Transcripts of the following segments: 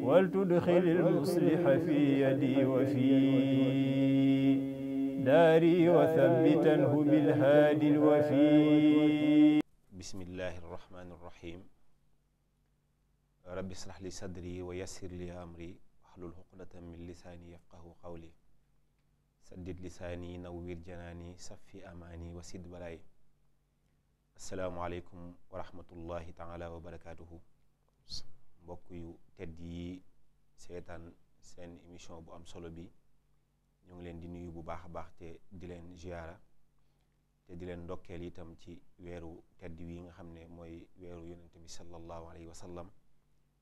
ولتدخل المصلح في يدي وفي داري وثبته بالهادي الوفي بسم الله الرحمن الرحيم رب اشرح لي صدري ويسر لي أمري واحلل عقدة من لساني يفقه قولي سدد لساني نوّر جناني صفي أماني وسد بلاي السلام عليكم ورحمة الله تعالى وبركاته mbokk yu tedd yi seetaan seen émission bu am solo bi ñoo ngi leen di nuyu bu baax a baax te di leen ziara te di leen ndokkeel itam ci weeru tedd wi nga xam ne mooy weeru yonent bi sallallahu alayhi wa sallam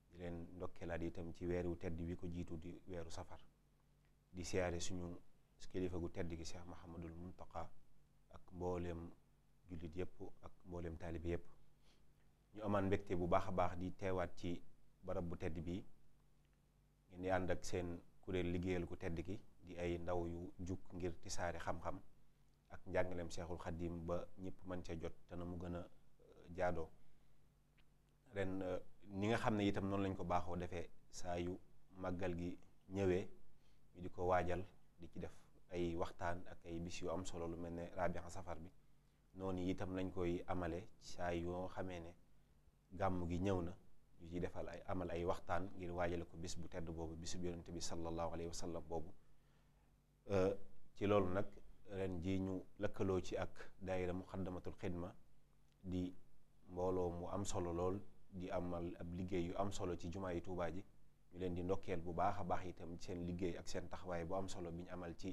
di leen ndokkeelaat itam ci weeru tedd wi ko jiitu di weeru safar di siyaare suñu kilifa gu tedd gi Cheikh Mahamadul Muntaqa ak mbooleem jullit yépp ak mbooleem taalibe yépp ñu amaan mbégte bu baax a baax di teewaat ci barab bu tedd bii ngeen di ànd ak seen kuréel liggéeyal ku tedd gi di ay ndaw yu jug ngir tisaari xam-xam ak njàngaleem seexul xaddim ba ñëpp mën cee jot te na mu gën a euh, jaadoo ren euh, ni nga xam ne itam noonu lañ ko baaxoo defee saa yu màggal gi ñëwee ñu di ko waajal di ci def ay waxtaan ak ay bis yu am solo lu mel ne rabian safar bi noonu itam lañ koy amale saa yoo xamee ne gàmm gi ñëw na ñu ciy defal ay amal ay waxtaan ngir waajale ko bis bu tedd boobu bisub yonente bi sallallahu alayhi wa sallam boobu euh, ci loolu nag ren ji ñu lëkkaloo ci ak daayira muxaddamatul xidma di mbooloo mu am solo lool di amal ab liggéey yu am solo ci jumaa yi tuubaa ji ñu leen di ndokkeel bu baax a baax itam seen liggéey ak seen taxawaay bu am solo bi ñu amal ci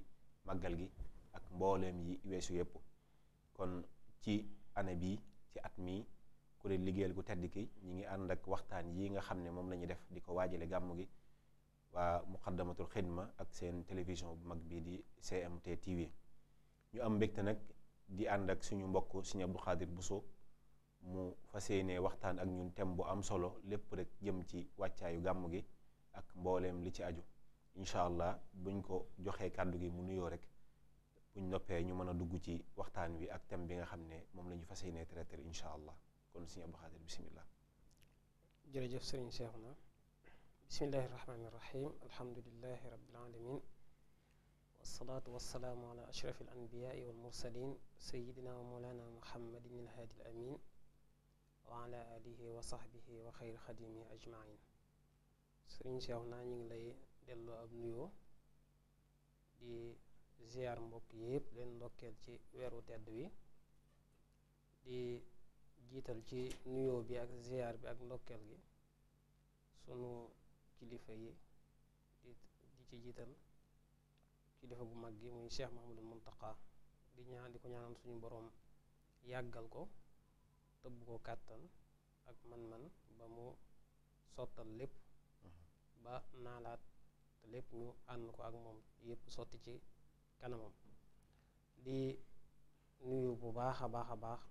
màggal gi ak mbooleem yi weesu yépp kon ci année bi ci at mii kuréel liggéeyal gu tedd ki ñi ngi ànd ak waxtaan yi nga xam ne moom la ñuy def di ko waajale gàmm gi waa muqaddamatul xidma ak seen télévision bu mag bii di CMT TV ñu am mbégte nag di ànd ak suñu mbokk Sëriñ Abdou bu Bousso mu fas yéene waxtaan ak ñun thème bu am solo lépp rek jëm ci wàccaayu gàmm gi ak mbooleem li ci aju incha allah buñ ko joxee kàddu gi mu nuyoo rek buñ noppee ñu mën a dugg ci waxtaan wi ak thème bi nga xam ne moom la ñu fas yéene traiter incha allah kon sëñ Abdou Khadir bisimilah. jërëjëf sëriñ Cheikhouna bismillahi rahmaani rahim alhamdulilahi rabbil alamin wasalaatu wasalaamu ala ashrafi al wa moolana muhammadin al amin wa ala alihi wa sahbihi wa xayri xadimi ajmain sëriñ Cheikhouna ñu ngi lay delloo ab nuyoo di ziar mbokk yépp ci weeru tedd wi jiital ci nuyoo bi ak ziar bi ak ndokkeel gi sunu kilifa yi di ci jiital kilifa gu mag gi muy Cheikh Mahamadul Muntaqa di ñaan di ko ñaanal suñu boroom yàggal ko tëbb ko kàttan ak man-man ba mu sottal lépp mhm. ba naalaat lépp ñu ànd ko ak moom yépp sotti ci kanamam di nuyu bu baax a baax a baax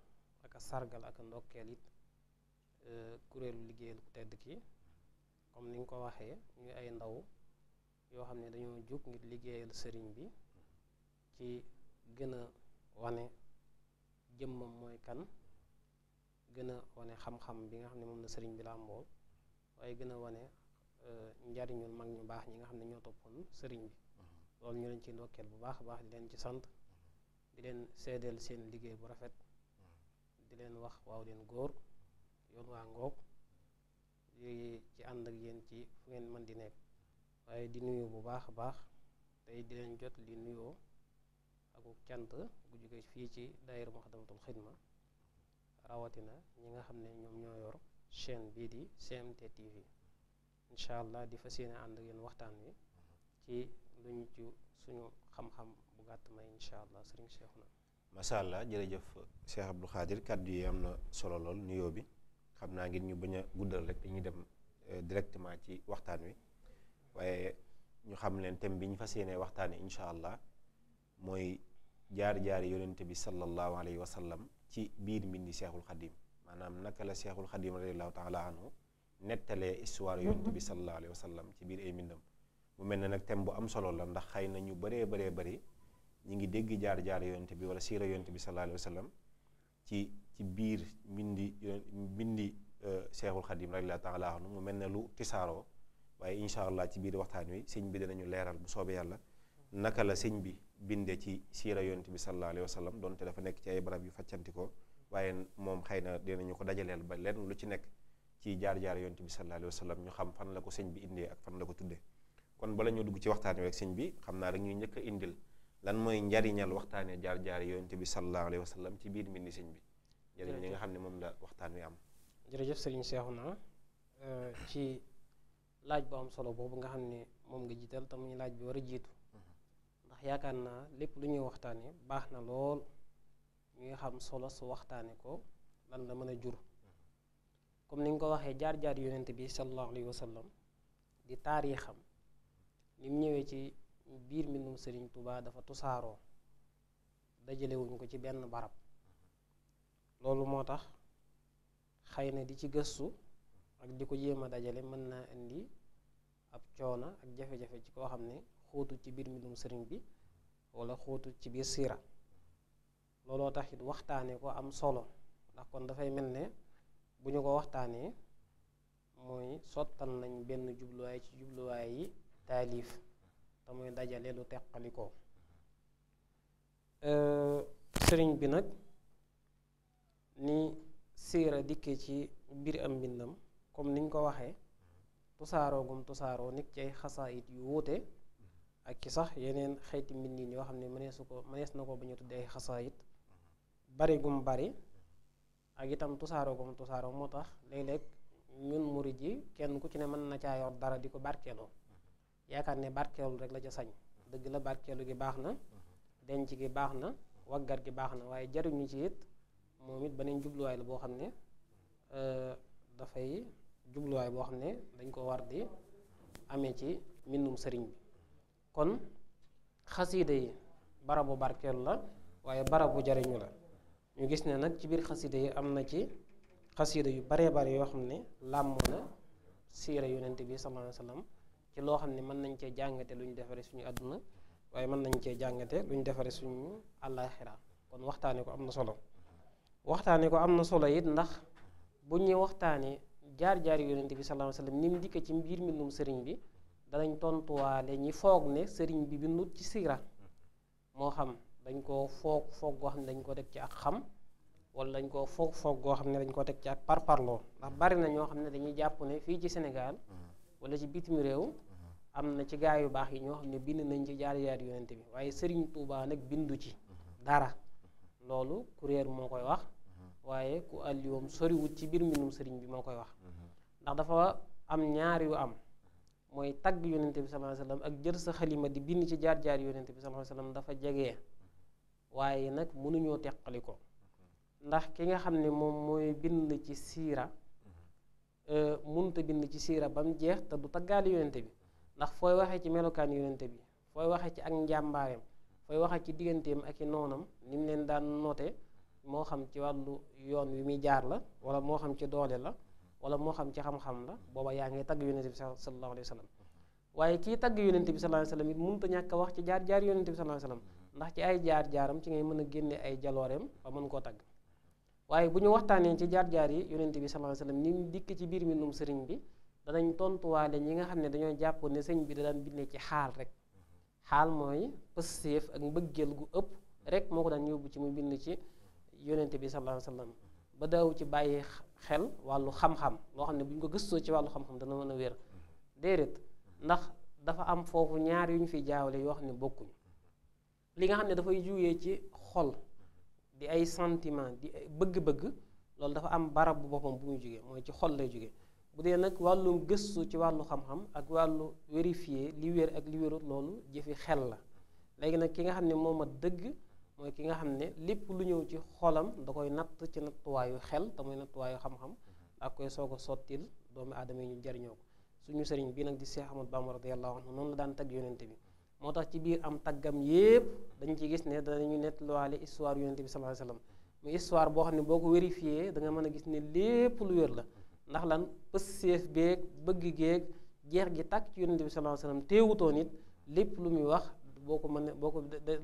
ak a sargal ak a ndokkeel it e, kuréelu liggéeyal ku tedd ki comme ni nga ko waxee ñu ay ndaw yoo xam ne dañoo jóg ngir liggéeyal sëriñ bi ci gën a wane jëmmam mooy kan gën a wane xam-xam bi nga xam ne moom la sëriñ bi laa ambool waaye gën a wane e, njariñul mag ñu baax ñi nga xam ne ñoo toppoon sëriñ bi loolu ñu leen ci ndokkeel bu baax baax di leen ci sant di leen seedeel seen liggéey bu rafet leen wax waaw leen góor yoon waa ngoog di ci ànd ak yéen ci fu ngeen mën di nekk waaye di nuyu bu baax a baax tey di leen jot li nuyoo ak cant gu jóge fii ci daayira Muxaddamatul Xidma rawatina ñi nga xam ne ñoom ñoo yor chaîne bii di GMT TV incha allah di fa yéene ànd ak yéen waxtaan wi ci luñ ci suñu xam-xam bu gàtt may incha allah sëriñ Cheikhouna macha allah jërëjëf Cheikh Abdou Khadir kàddu yi am na solo lool nuyoo bi xam naa ngir ñu bañ a guddal rek dañuy dem euh, directement ci waxtaan wi waaye ñu xam leen thème bi ñu fas yéenee waxtaanee incha allah mooy jaari jaari yonent bi sallallahu alayhi wa sallam ci biir mbindi Cheikhul Khadim maanaam naka la Cheikhul Khadim radiyallahu taala anhu nettalee histoire yonent bi sallallahu alayhi wa sallam ci biir ay mbindam mu mel ne nag thème bu am solo la ndax xëy na ñu bëree bëree bëri. ñi ngi dégg jaar jaar yonent bi wala siira yonent bi sallallahu alayhi wa sallam ci ci biir mbindi mbindi Seexul Xadim la taala anhu mu mel ne lu tisaaroo waaye incha allah ci biir waxtaan wi sëñ bi danañu leeral bu soobee yàlla naka la sëñ bi bindee ci siira yonent bi sallallahu alayhi wa sallam donte dafa nekk ci ay barab yu faccanti ko waaye moom xëy na dinañu ko dajaleel ba lenn lu ci nekk ci jaar jaar yonent bi sallallahu alayhi wa sallam ñu xam fan la ko sëñ bi indee ak fan la ko kon bala ñu dugg ci waxtaan wi ak sëñ bi xam naa rek ñuy njëkk a indil lan mooy njariñal waxtaane jaar-jaar yonent bi sallallahu alayhi wa sallam ci biir mbindi sëñ bi njariñ li nga xam ne moom la waxtaan wi am jërëjëf sëriñ Seexuna euh, ci laaj bu am solo boobu nga xam ne moom nga jiital te muy laaj bi war a jiitu mhm. ndax yaakaar naa lépp lu ñuy waxtaane baax na lool ñuy xam solo su waxtaane ko lan la mën a jur mhm. comme ni nga ko waxee jaar-jaar yonent bi sallallahu alayhi wa sallam di taarixam ni ñëwee ci biir mbindum sëriñ tubaa dafa tusaaroo dajalewuñ ko ci benn barab loolu moo tax xëy na di ci gëstu ak di ko jéem a dajale mën naa indi ab coona ak jafe-jafe ci koo xam ne xóotu ci biir mbindum sëriñ bi wala xóotu ci biir siira looloo tax it waxtaane ko am solo ndax kon dafay mel ne bu ñu ko waxtaanee mooy sottal nañ benn jubluwaay ci jubluwaay yi taalif tamuy dajale lu teqalikoo euh, sëriñ bi nag ni siira dikkee ci biir am mbindam comme niñ ko waxee tusaaroo gum tusaaroo nit ci ay xasaayit yu wuute ak ci sax yeneen xeeti mbindin yoo xam ne mëneesu ko mënees na ko ba ñu tuddee ay xasaayit bari gum bari ak itam tusaaroo gum tusaaroo moo tax léeg-léeg ñun murid ji kenn ku ci ne mën na caa dara di ko barkeeloo yaakaar ne barkeelu rek la ca sañ dëgg la barkeelu gi baax na denc gi baax na waggar gi baax na waaye jariñu ci it moom it ba beneen jubluwaay la boo xam ne euh, dafay jubluwaay boo xam ne dañ ko war di amee ci mbindum sëriñ bi kon xasiida yi barabu barkeelu la waaye barabu jariñu la ñu gis ne nag ci biir xasiida yi am na ci xasiida yu baree bare yoo xam ne làmm na siira yonent bi sallallahu alayhi wa sallam ci loo xam ne mën nañ cee jàngate lu ñu defare suñu àdduna waaye mën nañ cee jàngate lu ñu defare suñu àllaaxira kon waxtaane ko am na solo waxtaane ko am na solo it ndax bu ñuy waxtaane jaar-jaar yonent bi sallallahu alayhi wasallam ni mu dikkee ci mbir mbindum sëriñ bi danañ tontuwaale ñi foog ne sëriñ bi bindut ci siira moo xam dañ koo foog foog goo xam ne dañ koo teg ci ak xam wala dañ koo foog foog goo xam ne dañ koo teg ci ak parparloo ndax bari na ñoo xam ne dañuy jàpp ne fii ci Sénégal mm. wala ci bitim réew am na ci gaay yu baax yi ñoo xam ne bind nañ ci jaar jaar yonent bi waaye Serigne Touba nag bindu ci dara loolu kuréer moo koy wax waaye ku àlliwoom soriwut ci biir mbindum Serigne bi moo koy wax ndax dafa am ñaari yu am mooy tagg yonent bi sallallahu alayhi ak jël sa xalima di bind ci jaar jaar yonent bi sallallahu alayhi wasallam dafa jege waaye nag mënuñoo teqali ko ndax ki nga xam ne moom mooy bind ci siira Euh, mënut a bind ci siira ba mu jeex te du taggaale yonente bi ndax fooy waxee ci melokaan yonente bi fooy waxee ci ak njàmbaareem fooy waxee ci digganteem ak i noonam ni mu leen daan noote moo xam ci wàllu yoon wi muy jaar la wala moo xam ci doole la wala moo xam ci xam-xam la booba yaa ngi tagg yonente bi sallallahu alayhi wa sallam waaye kii tagg yonente bi sallallahu alayhi wa sallam ñàkk wax ci jaar jaar yonente bi sallallahu alayhi ndax ci ay jaar jaaram ci ngay mën a génne ay jalooreem ba mën koo tagg waaye bu ñu waxtaanee ci jaar-jaar yi yonent bi sallallahu alayhi wasallam ñu dikk ci biir mbindum sëriñ bi danañ tontuwaale ñi nga xam ne dañoo jàpp ne sëñ bi da daan bindee ci xaal rek xaal mooy pësséef ak mbëggeel gu ëpp rek moo ko daan yóbbu ci mu bind ci yonent bi sallallahu alayhi ba daaw ci bàyyi xel wàllu xam-xam loo xam ne bu ñu ko gëstoo ci wàllu xam-xam dana mën a wér déedéet ndax dafa am foofu ñaar yu ñu fi jaawale yoo xam ne bokkuñu li nga xam ne dafay jugee ci xol di ay sentiment di bëgg-bëgg loolu dafa am barab bu boppam bu muy jógee mooy ci xol lay jóge bu dee nag wàllum gëstu ci wàllu xam-xam ak wàllu wérifier li wér ak li wérut loolu jëfi xel la léegi nag ki nga xam ne moom a dëgg mooy ki nga xam ne lépp lu ñëw ci xolam da koy natt ci nattuwaayu xel te mooy nattuwaayu xam-xam ak koy soog a sottil doomu aadama yi ñu jariñoo ko suñu sëriñ bi nag di Seex Ahmadu Bamba radiyallahu anhu noonu la daan tagg yonente bi moo tax ci biir am taggam yépp dañ ci gis ne danañu nettluwaale histoire yonent bi sallallahu alayhi wasallam mu histoire boo xam ne boo ko vérifié danga mën a gis ne lépp lu wér la ndax lan pësséef beeg bëgg géeg jeex gi tàkk ci yonent bi sallallahu alayhi wasallam teewutoon it lépp lu muy wax boo ko mën a boo ko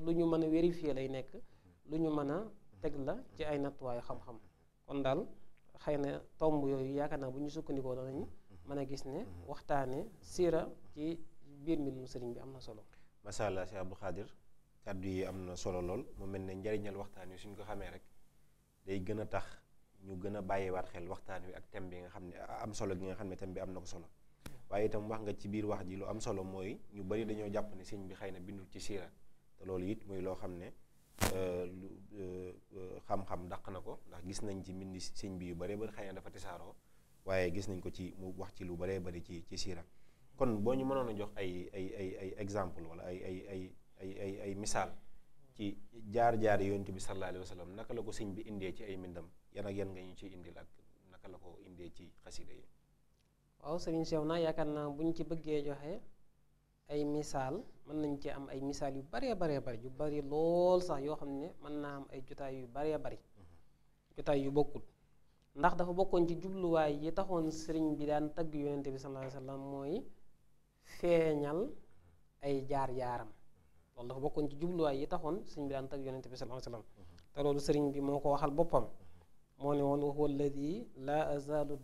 lu ñu mën a vérifié lay nekk lu ñu mën a teg la ci ay nattuwaayu xam-xam kon daal xëy na tomb yooyu yaakaar naa bu ñu sukkandikoo danañ mën a gis ne waxtaane siira ci biir mbir mu bi am na solo macha allah Cheikh Abdou Khadir kàddu yi am na solo lool mu mel ne njariñal waxtaan wi suñ ko xamee rek day gën a tax ñu gën a bàyyiwaat xel waxtaan wi ak thème bi nga xam ne am solo gi nga xam ne thème bi am na ko solo waaye itam wax nga ci biir wax ji lu am solo mooy ñu bari dañoo jàpp ne sëñ bi xëy na bindul ci siira loolu it muy loo xam ne euh, lu euh, xam-xam dàq na ko ndax gis nañ ci mbind sëñ bi yu bare bari xëy na dafa tisaaroo waaye gis nañ ko ci mu wax ci lu baree bari ci ci siira kon boo ñu mënoon a jox ay ay ay exemple wala ay ay ay ay ay ay misaal ci jaar-jaar yonent bi sallallahu alayhi wa naka la ko sëñ bi indee ci ay mbindam yan ak yan nga ñu ciy indil ak naka la ko indee ci xasida yi waaw sëriñ Cheikh naa yaakaar naa bu ñu ci bëggee joxe ay misaal mën nañ ci am ay misaal yu baree baree bari yu bari lool sax yoo xam ne mën naa am ay jotaay yu baree bari mhm. yu bokkul ndax dafa bokkoon ci jubluwaay yi taxoon sëriñ bi daan tagg yonent bi sallallahu alayhi mooy feeñal ay jaar-jaaram loolu dafa bokkoon ci jubluwaay yi taxoon sëñ bi daan tag yonente bi sallallahu alayhi te loolu sëriñ bi moo ko waxal boppam moo ne woon wa huwa di la azalu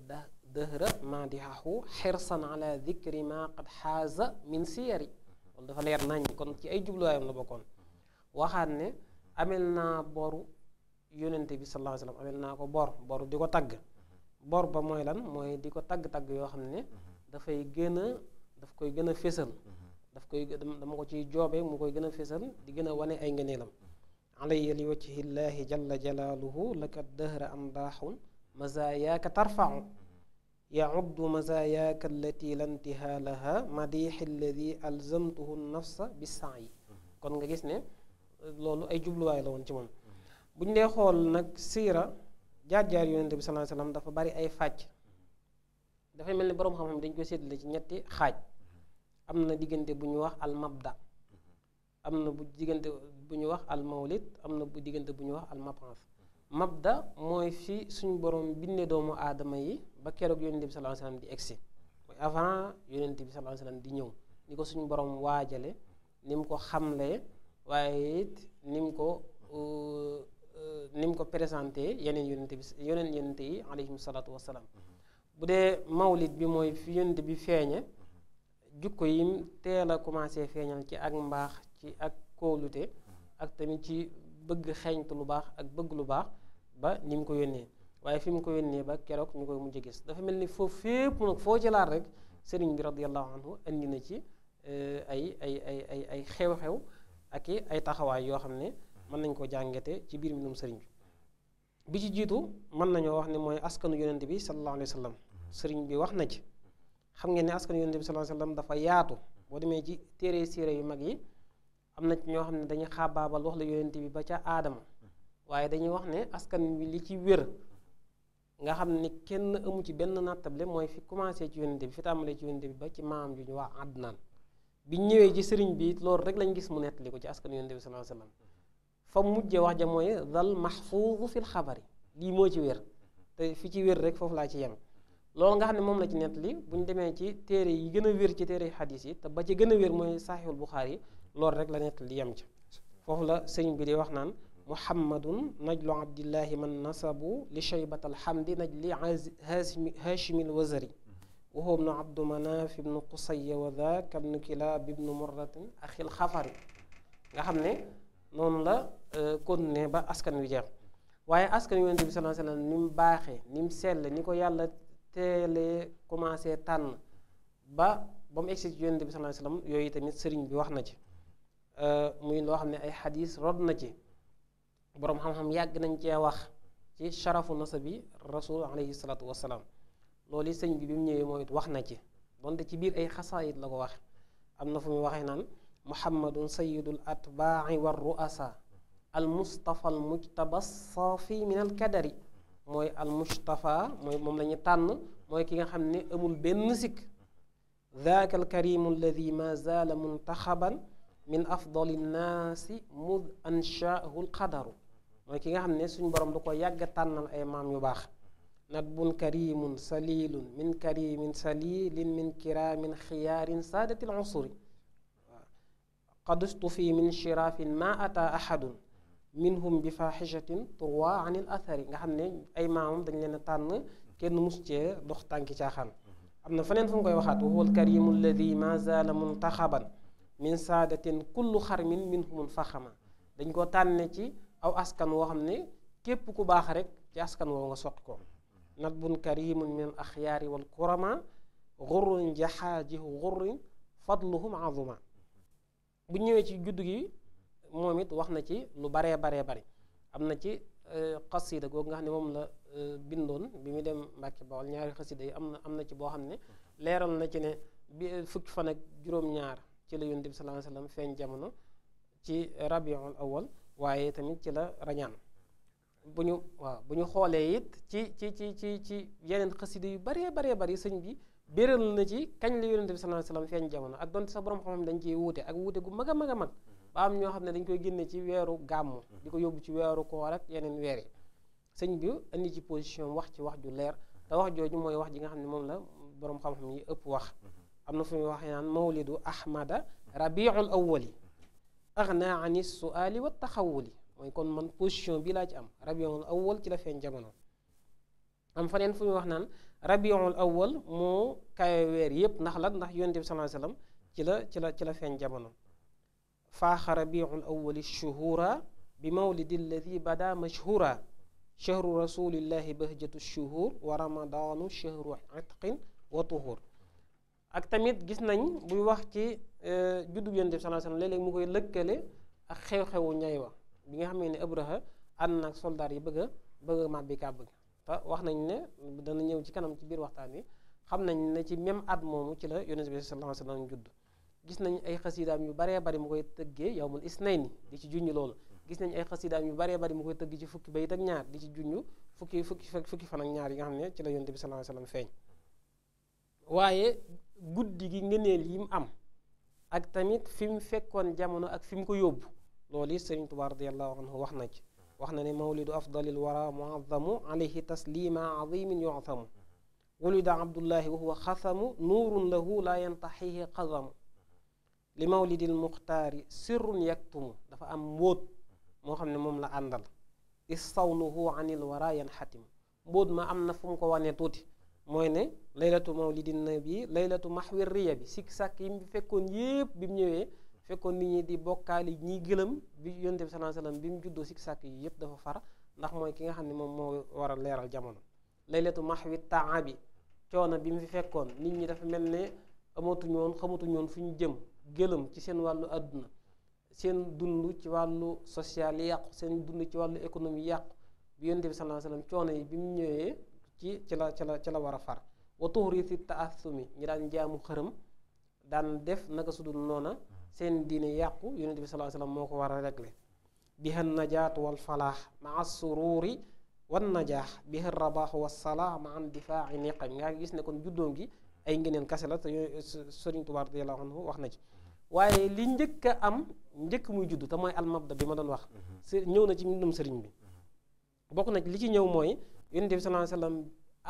dëhra madihahu xirsan ala dicri ma qad xaaza min siyari loolu dafa leer nañ kon ci ay jubluwaayam la bokkoon waxaat ne amel naa boru yonente bi sallallahu alayhi naa ko bor boru di ko tagg bor ba mooy lan mooy di ko tagg-tagg yoo xam ne dafay gën daf koy gën a fésal daf koy dama ko ciy joobe mu koy gën a fésal di gën a wane ay ngëneelam alaya li wajhi llaahi jalla jalaaluhu laka dëhra am daaxun mazaayaaka tarfau yauddu mazaayaaka allati la intihaa laha madixi alzamtuhu nafsa bi saayi kon nga gis ne loolu ay jubluwaay la woon ci moom bu ñu dee xool nag siira jaar-jaar yonente bi sallallahu alayhi dafa bari ay fàcc dafay mel ni borom xam-xam dañ koy séddale ci ñetti xaaj mm-hmm. am na diggante bu ñu wax al mabda mm-hmm. am na bu diggante bu ñu wax al am na bu diggante bu ñu wax al mab'as mm-hmm. mabda mooy fi suñu borom bindee doomu aadama yi ba keroog yonent bi sallallahu alayhi wasallam di mooy avant yonent bi di ñëw ni ko suñu borom waajale ni mu ko xamlee waaye it ko uh, uh, ni ko présenté yeneen yonent bi yeneen yonent yi salaatu wasalaam bu dee mawlit bi mooy fi yonent bi feeñe jukko yim teel a commencé feeñal ci ak mbaax ci ak kóolute ak tamit ci bëgg xeeñtu lu baax ak bëgg lu baax ba ni mu ko yónnee waaye fi mu ko yónnee ba keroog ñu koy mujj gis dafa mel ni foofu fépp nag foo ci rek sëriñ bi radiyallahu anhu andi na ci eh, ay ay ay ay ay xew-xew ak i ay taxawaay yoo xam ne mën nañ ko jàngate ci biir mbindum sëriñ bi bi ci jiitu mën nañoo wax ne mooy askanu yonent bi sallallahu alayhi wa sëriñ bi wax na ci xam ngeen ne askan yonent bi sallallahu alayhi wasallam dafa yaatu boo demee ci téere siira yu mag yi am na ñoo xam ne dañuy xaabaabal wax la yonent bi ba ca aadama waaye dañuy wax ne askan wi li ci wér nga xam ne kenn amu ci benn nattable mooy fi commencé ci yonent bi fi tàmbalee ci yonent bi ba ci maam ju ñu waa Adnaan bi ñëwee ci sëriñ bi loolu rek lañ gis mu nettali ko ci askan yonent bi sallallahu alayhi wasallam fa mujje wax ja mooy dal mahfuuzu fil xabari lii moo ci wér te fi ci wér rek foofu laa ci yem loolu nga xam ne moom la ci li bu ñu demee ci téere yi gën a wér ci téere yi xadis yi te ba ci gën a wér mooy saxiixul buxaari loolu rek la nettali yem ca foofu la sëñ bi di wax naan muhammadun najlu abdillahi man nasabu li shaybat alhamdi najli haashimil wazari wa huwa ibnu abdu manaaf ibnu qusayya wa dhaaka ibnu kilaab ibnu murratin axil xafari nga xam ne noonu la euh, continuer ba askan wi jeex waaye askan wi yonent bi sallallahu alayhi wa sallam ni mu baaxee ni yàlla teelee commencé tànn ba ba mu egsi ci yonent bi sallallahu alayhi wasallam yooyu tamit sëriñ bi wax na ci euh, muy loo xam ne ay xadis rod na ci boroom xam-xam yàgg nañ cee wax ci sharafu nasabi rasul alayhi salaatu wasalaam loolu sëñ bi bi mu ñëwee moom wax na ci donte ci biir ay xasaayit la ko wax am na fu muy waxee naan muhammadun sayidul atbaai war ruasa al mustafa al mujtaba saafi min al kadari mooy al mooy moom la tànn mooy ki nga xam ne amul benn sikk daaka al karimu alladi ma zaala muntaxaban min afdali nnaasi mud anshaahu lqadaru mooy ki nga xam ne suñ borom du ko yàgg tànnal ay maam yu baax nadbun karimun salilun min karimin salilin min kiraamin xiyaarin saadati l usuri waaw qad ustufi min shiraafin ma ata ahadun minhum bi fahishatin turwa anil nga xam ne ay maamam dañ leen a tànn kenn mus cee dox tànki caaxaan am na feneen fu mu koy waxaat wa huwa alkarimu alladi ma zaala muntaxaban min saadatin kullu xarmin minhum faxama dañ ko tànne ci aw askan woo xam ne képp ku baax rek ci askan woo nga soqi ko nadbun karimun min axyaari wal kurama gurrun jaxaajihu gurrin fadluhum azuma bu ñëwee ci judd gi moom it wax na ci lu baree baree bari am na ci euh, xasida googu nga xam ne moom la euh, bindoon bi mu dem Mbàkke Bawol ñaari xasida yi am na am na ci boo xam ne leeral na ci ne bi euh, fukki fan ak juróom-ñaar ci la Yonent bi sallallahu alayhi feeñ jamono ci rabiul awal waaye tamit ci la rañaan bu ñu waaw bu ñu xoolee it ci ci ci ci ci yeneen xasida yu baree baree bari sëñ bi béral na ci kañ la Yonent bi sallallahu alayhi feeñ jamono ak donte sa borom xam-xam dañ ciy wuute ak wuute gu mag a mag a mag am ñoo xam ne dañ koy génne ci weeru gàmmu mm-hmm. di ko yóbbu ci weeru koor ak yeneen weer yi sëñ bi indi ci position wax ci wax ju leer te wax jooju mooy wax ji nga xam ne moom la boroom xam-xam yi ëpp wax mm-hmm. am na fu muy waxee naan mawlidu ahmada rabiul awwali agna ani suali wa taxawuli mooy kon man position bi laa ci am rabiul awwal ci la feeñ jamono am faneen fu muy wax naan rabiul awwal moo kawe weer yépp ndax la ndax yonent bi sallallahu alayhi ci la ci la ci la feeñ jamono faaxa rabiul awali shuhura bi mawlidi alladi bada mashhura chahru rasulillahi bahjatu shuhur wa ramadaanu chahru itqin wa tuhur ak tamit gis nañ buy wax ci e, juddu yonent bi sallallahu alayhi wasallam mu koy lëkkale ak xew-xewu ñay wa bi nga xam ne Abraha ànd nag soldaar yi bëgg a bëgg a màbbi kàbb gi te wax nañ ne dana ñëw ci kanam ci biir waxtaan wi xam nañ ne ci même at moomu ci la yonent bi sallallahu alayhi wasallam judd gis nañ ay xasidaam yu baree bari mu koy tëggee yawmul isnayni di ci junñu loolu gis nañ ay xasidaam yu baree bari mu koy tëgg ci fukki bayit ak ñaar di ci junñu fukki fukki fukki fan ak ñaar yi nga xam ne ci la yonte bi sallallahu feeñ waaye guddi gi ngëneel yi mu am ak tamit fi mu fekkoon jamono ak fi mu ko yóbbu loolu it Sëriñ Tuubaa radiyallahu anhu wax na ci wax na ne mawlidu afdalil wara muazzamu alayhi taslima azimin yu'zamu wulida abdullahi wa huwa xasamu nuurun lahu la yantaxihi qazamu li mawlidil muxtaari sirrun yaktumu dafa am mbóot moo xam ne moom la àndal saw istawnuhu anil wara yanxatim mbóot ma am na fu mu ko wanee tuuti mooy ne laylatu mawlidin nabi laylatu maxwir riya bi sikk sàkk yi mu fekkoon yépp bi mu ñëwee fekkoon nit ñi di bokkaali ñiy gëlëm bi yonte bi sallallahu alayhi bi mu juddoo sikk sàkk yi yépp dafa far ndax mooy ki nga xam ne moom moo war a leeral jamono laylatu maxwi bi coono bi mu fi fekkoon nit ñi dafa mel ne amatuñu woon xamatuñu woon fu ñu jëm gëlëm ci seen wàllu àdduna seen dund ci wàllu social yàqu seen dund ci wàllu économie yàqu bi yonent bi sallallahu alayhi coono yi bi mu ñëwee ci ci la ci la ci la war a far wa tuhriti ñi daan jaamu xërëm daan def naka su dul noona seen diine yàqu yonent bi sallallahu alayhi moo ko war a régler biha najaat wal falaax maa sururi wan najaax biha rabaax wa salaax maa indifaai niqam nga gis ne kon juddoom gi ay ngeneen kase la te yooyu Sëriñ Tuubaa wax na ci waaye li njëkk am njëkk muy juddu te mooy almabda bi ma doon wax mhm. ñëw na ci mbindum sëriñ bi mhm. bokk na li ci ñëw mooy yonent bi sallallahu alayhi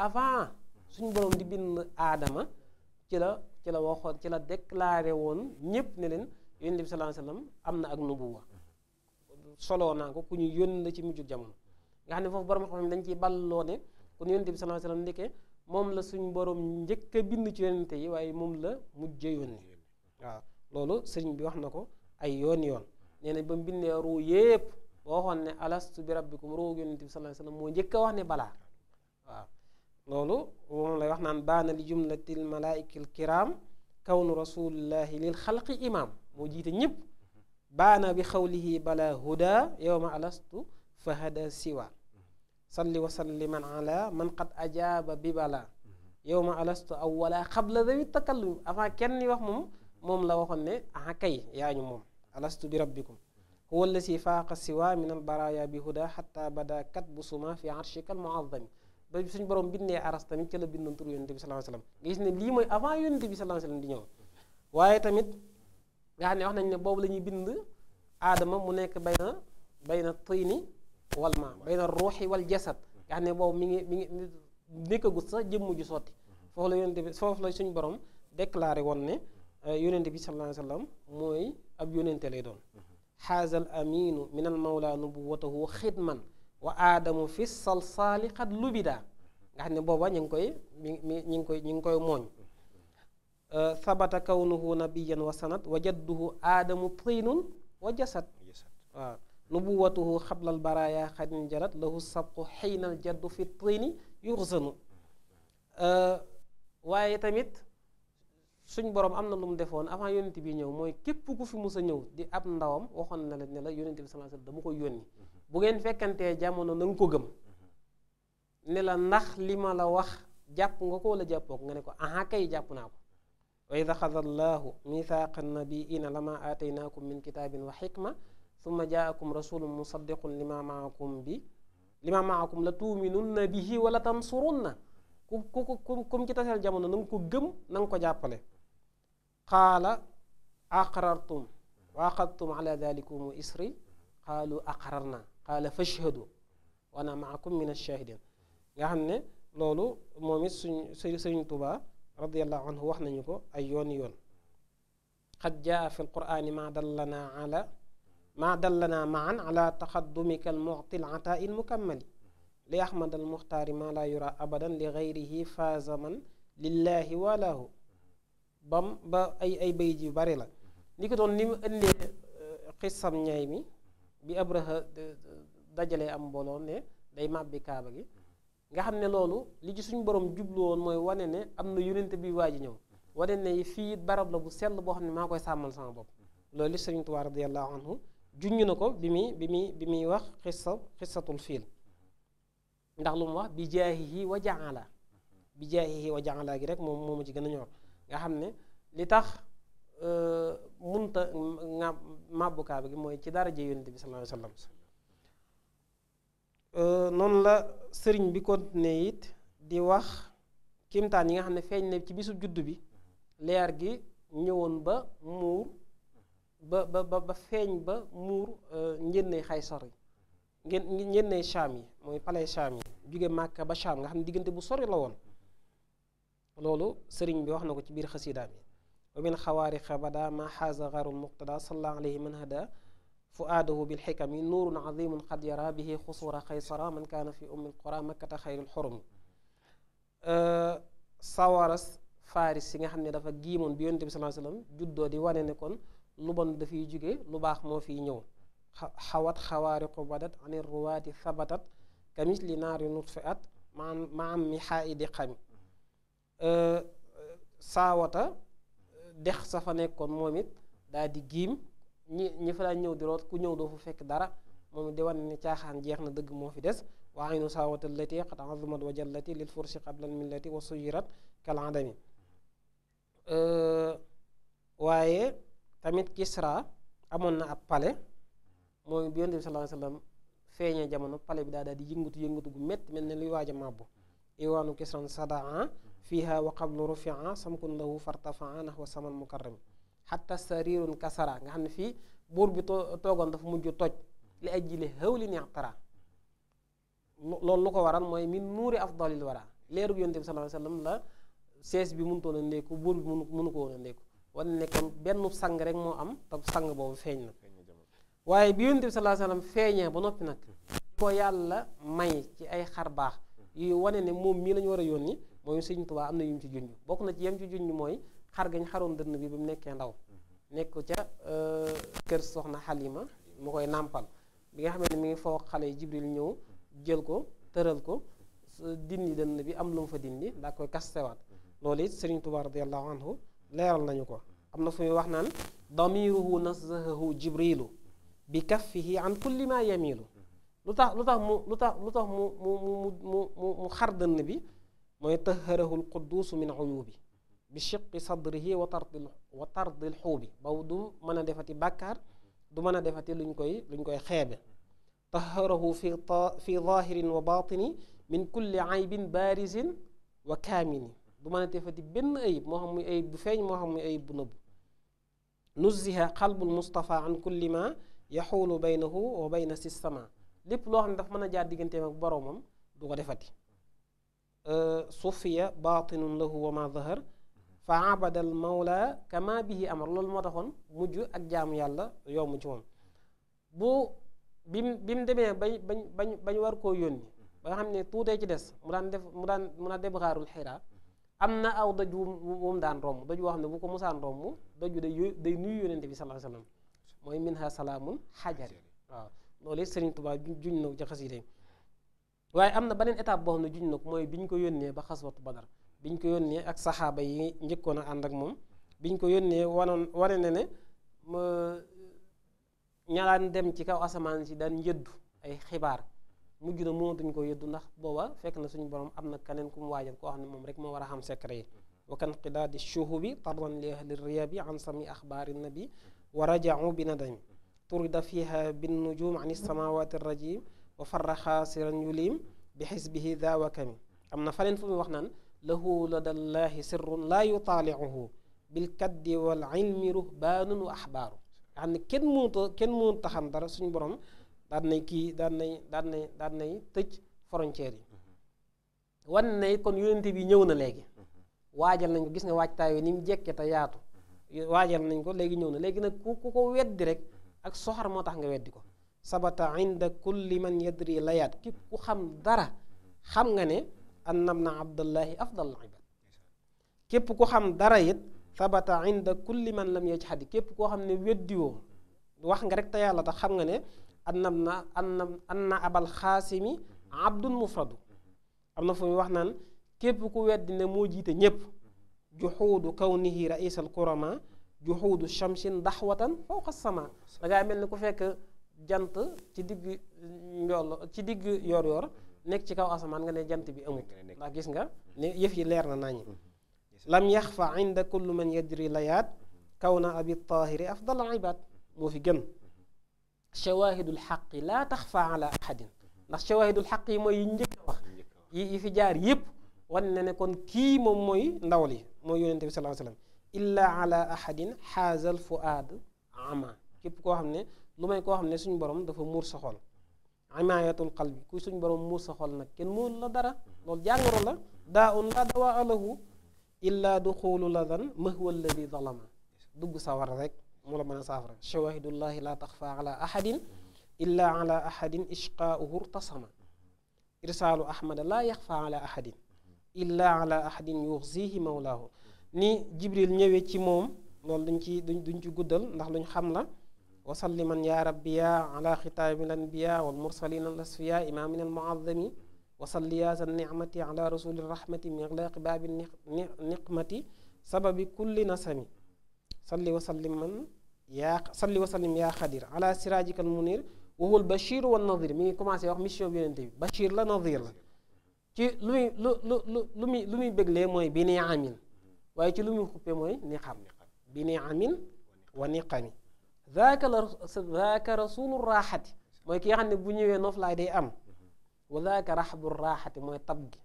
avant mhm. suñu borom di bind aadama ci la ci la waxoon ci la déclaré woon ñépp ne leen yonent bi sallallahu alayhi am na ak nubuwa soloo naa ko ku ñu yónn la ci mujj jamono nga xam ne foofu borom xam-xam dañ ciy balloo ne kon yonent bi sallallahu alayhi wasallam moom la suñu borom njëkk a bind ci yonente yi waaye moom la mujj yónni waaw loolu sëriñ bi wax na ko ay yoon yoon nee na ba mu bindee ruu yépp boo waxoon ne alastu bi rabbikum ruu yonent moo njëkk a wax ne balaa waaw loolu moom lay wax naan baana li jumlatil malaa'ikil kiraam kawnu rasulillahi lil xalqi imaam moo jiite ñëpp baana bi xawlihi bala yow ma alastu fahada siwa salli wa salliman man qad ajaaba bi bala ma alastu awwala xabla dawi takallum avant kenn wax moom moom la waxoon ne ah kay yaa ñu moom alastu bi rabbikum huwa allasi faaqa siwa min al baraya bi huda xata bada kat bu suma fi arshika al muazzami ba suñ borom bindee aras tamit ci la bindoon tur yonente bi sallallahu gis ne lii mooy avant yonente bi sallallahu alayhi wasallam di waaye tamit nga xam ne wax nañ ne boobu lañuy bind aadama mu nekk bay na bay na tiini wal ma bay ruuxi wal jasad nga xam ne boobu mi ngi mi ngi nekkagut sax jëmm ju sotti foofu la yonente bi foofu la suñ borom déclaré woon ne Euh, yonente bi sallallahu alayhi mooy ab yonente lay doon xaazal aminu min al mawla nubuwatahu xidman wa aadamu fi salsaali xad lubida nga xam ne booba ñu ngi koy ñu ngi koy ñu ngi koy mooñ sabata euh, kawnuhu nabiyan wa sanad wa jadduhu aadamu tinun wa jasad waaw nubuwatuhu xablal baraaya xadin jarat lahu sabqu xiinal jaddu fi tini yuxzanu euh, waaye tamit suñ borom am na lu mu defoon avant yonent bi ñëw mooy képp ku fi mus a ñëw di ab ndawam waxoon na la ne la yonent bi sallallahu alayhi wasallam dama ko yónni bu ngeen fekkantee jamono na nga ko gëm ne la wax jàpp nga ko wala jàppoo ko nga ne ko aha kay jàpp naa ko wa id axada allahu mithaqa nabiina lama aataynaakum min kitaabin wa xikma summa jaakum rasulun musaddiqun lima maakum bi lima maakum la tuuminunna bihi wala tansurunna ku ku ku kum ci taseel jamono na nga ko gëm na nga ko jàppale qaala aqrartum wa aqadtum ala dalikum isri qaalu aqrarna qaala fashhadu wa ana maakum min ash-shahidin nga xam ne loolu moom it suñ sëriñ Tuubaa radiyallahu anhu wax nañu ko ay yoon yoon qad jaa fi alqur'ani ma dallana ala ma dallana maan ala taqaddumika almu'ti al'ataa'i almukammali li ahmad almuxtaari ma la yura abadan li gayrihi faaza man lillahi walaahu bam ba ay ay bayit yu bari la ni ko doon ni mu ëndee euh, xisam ñay mi bi Abraha dajalee am mbooloo ne day màbbi kaaba gi nga xam ne loolu li ci suñu borom jublu woon mooy wane ne am na yonent bi waa ji ñëw wane ne fii barab la bu sell boo xam ne maa koy sàmmal sama bopp loolu li Sëriñ Tuubaa radiyallaahu anhu junj na ko bi muy bi muy bi muy wax xissa xissatul fiil ndax lu mu wax bi jaahihi wa jaala bi jaahihi wa jaala gi rek moom moom ma ci gën a ñor nga xam ne li tax euh, munta nga màbbu kaaba gi mooy ci dara daraja yonent bi sallallahu alayhi wa sallam euh, noonu la sëriñ bi continué it di wax kimtaan yi nga xam ne feeñ na ci bisu juddu bi leer gi ñëwoon ba muur ba ba ba feeñ ba muur euh, njënnay Xaysar yi ngeen njënnay Shaam yi mooy pale Shaam yi jóge Màkka ba Shaam nga xam ne diggante bu sori la woon loolu sëriñ bi wax na ko ci biir xasiidaam yi wa min xawaariqa bada ma xaaza garul muqtada salla alayhi man hada fuaadahu bil xikami nuurun azimun qad yara bihi xusuura xaysara man kaana fi ummi lqura makkata xayrul xorumi sawaras faris yi nga xam ne dafa giimoon bi yonent bi sallallahu alayhi wasallam juddoo wane ne kon lu bon dafiy jóge lu baax moo fi ñëw xawat xawaariqu badat ani ruwaati sabatat kamis li naari nutfi at mi xaa idi xami Euh, saawata dex sa fa nekkoon moom it daal di giim ñi ñi fa daan ñëw di root ku ñëw doo fu fekk dara moom di wan ne caaxaan jeex na dëgg moo fi des wa aynu saawata allati qad azumat wa jallati lil fursi qabla al millati wa euh, waaye tamit Kisra amoon na ab pale mooy bi yonent bi sallallahu alayhi wasallam jamono pale bi daa daal di yëngatu yëngatu gu métti mel ne luy waaj màbbu iwaanu Kisran sadaa fiha wa qablu rufia samkun lahu fartafaa naxwa saman mukarram xatta sarirun kasara nga xam ne fii buur bi toogoon dafa mujj toj li aj jile xëw li tara loolu lu ko waral mooy min nuuri afdalil wara leerug yonte bi sallallahu alayhi wasallam la sees bi mënutoon a ndéeku buur bi mënu mënu ko woon a ndéeku wane ne kon benn sang rek moo am te sang boobu feeñ na waaye bi yonte bi sallallahu alayhi wasallam feeñee ba noppi nag ko yàlla may ci ay xar baax yu wane ne moom mii lañu war a yónni mooy sëñ Tuubaa am na yu mu ci junj bokk na ci yem ci junj mooy xar gañ xaroon dënn bi ba mu nekkee ndaw nekk ca euh, kër soxna Xalima mu koy nàmpal bi nga xam ni mi ngi foo xale yi Jibril ñëw jël ko tëral ko dindi dënn bi am lu mu fa dindi daa koy kastewaat loolu it sëriñ Tuubaa radiyallahu anhu leeral nañu ko am na fu muy wax naan damiruhu nazahahu jibrilu bi kaffihi an kulli ma yamilu lu tax lu tax mu lu tax lu tax mu mu mu mu mu mu xar dënn bi mooy taharahul qudduus min uyubi bi shiqi sadrihi wa tardil wa tardil xuubi ba du mën a defati bàkkaar du mën a defati luñ koy luñ koy xeebe taharahu fi fi zahirin wa batini min kulli aybin barizin wa kaamini du mën a defati benn ayib moo xam muy ayib bu feeñ moo xam muy ayib bu nëbb nuziha qalbul mustafa an kulli ma yaxuulu baynahu wa bayna si sama lépp loo xam ne dafa mën a jaar digganteem ak boromam du ko defati sufiya baatinun lahu wa ma zahar fa abada al mawla kama bihi amar loolu moo taxoon mujj ak jaamu yàlla yomb ci moom bu bi bi mu demee bañ bañ bañ bañ war koo yónni ba nga xam ne tuutee ci des mu daan def mu daan mu daan debxaarul xiraa am na aw doj wu mu daan romb doj woo xam ne bu ko musaan romb doj bi day day nuyu yónente bi sallallahu alayhi wasallam mooy minha salaamun xajari waaw loolu Sëriñ Tuubaa juñ na ci xasida waaye am na beneen étape boo xam ne juñ na mooy bi ñu ko yónnee ba xaswatu badar bi ñu ko yónnee ak saxaaba yi njëkkoon a ànd ak moom bi ñu ko yónnee wanoon wane na ne ma ñalaan dem ci kaw asamaan si daan yëddu ay xibaar mujj na mënatuñ ko yëddu ndax booba fekk na suñu borom am na keneen ku mu waajal koo xam ne moom rek moo war a xam secret yi wa kan qidaadi shuhubi tardan li ahli riyabi an sami axbaari nabi wa rajau bi nadami turida fiha bin nujum an samawati rajim wa farra xaasiran yuliim bi xisbihi daa wakami am na faneen fu mu wax naan lahu ladallaahi sirrun laa yutaaliuhu bil kaddi wal ilmi ruhbaanun wa axbaaru nga xam ne kenn mënut kenn mënut a xam dara suñu borom daan nay kii daan nay daan nay daan nay tëj frontière yi wan kon yonente bi ñëw na léegi waajal nañ ko gis nga waajtaay wi jekke te yaatu waajal nañ ko léegi ñëw na léegi nag ku ku ko weddi rek ak soxar moo tax nga weddi ko sabata inda kulli man yadri layaat képp ku xam dara xam nga ne annam na abdullahi afdal ibad képp ku xam dara it sabata inda kulli man lam yajhadi képp koo xam ne weddiwoo wax nga rek te yàlla tax xam nga ne annam na annam anna abal xaasimi abdun mufradu am na fu muy wax naan képp ku weddi ne moo jiite ñépp juxuudu kawnihi raisal kurama juxuudu shamsin daxwatan fawqa sama dangaa mel ni ku fekk jant ci digg njool ci digg yor-yor nekk ci kaw asamaan nga ne jant bi amut ndax gis nga ne yi leer na nañu mm-hmm. lam yaxfa inda kulli man yajri layaat kaw na abi taahiri afdala ibaad moo fi gën mm-hmm. shawaahidul xaqi laa taxfa ala ahadin ndax shawaahidul xaq yi mooy yi njëkk a yi fi jaar yépp wan na ne kon kii moom mooy ndaw li mooy yonente bi sallallahu alayhi wa sallam illa ala ahadin xaazal fuaad ama képp koo xam ne lu may koo xam ne suñu borom dafa muur sa xol imaayatul qalbi ku suñu borom muur sa xol nag kenn mënul la dara loolu jàngoro la daa un laa dawaa lahu illaa duxuulu ladan mahwa alladi dugg sawar rek mu la mën a saafara shawaahidullahi laa tax ala ahadin illaa ala ahadin ishqaauhu irtasama irsaalu ahmada laa yaxfa ala ahadin illaa ala yuxzihi mawlaahu ni jibril ñëwee ci moom loolu duñ ci duñ ci guddal ndax luñ xam la wasalliman ya rabbiya ala xitaami l anbiya walmursalina al asfiya imaamina al muazami wasalli ya san nicmati ala rasuli rahmati miqlaaqi baabi niqmati sababi kulli nasami salli wasallim man yaa salli wasallim yaa xadir ala sirajika al munir waxul bachir wa nadir mi ngi commencé wax mission bi yonente bi bachir la nadir la ci lu muy lu lu lu muy lu muy béglee mooy bi ni amin waaye ci lu muy xuppe mooy niqam bi ni amin wa niqami zaaka la zaaka rasulu raaxati mooy ki nga xam ne bu ñëwee noflaay day am wa zaaka raxbu raaxati mooy tab gi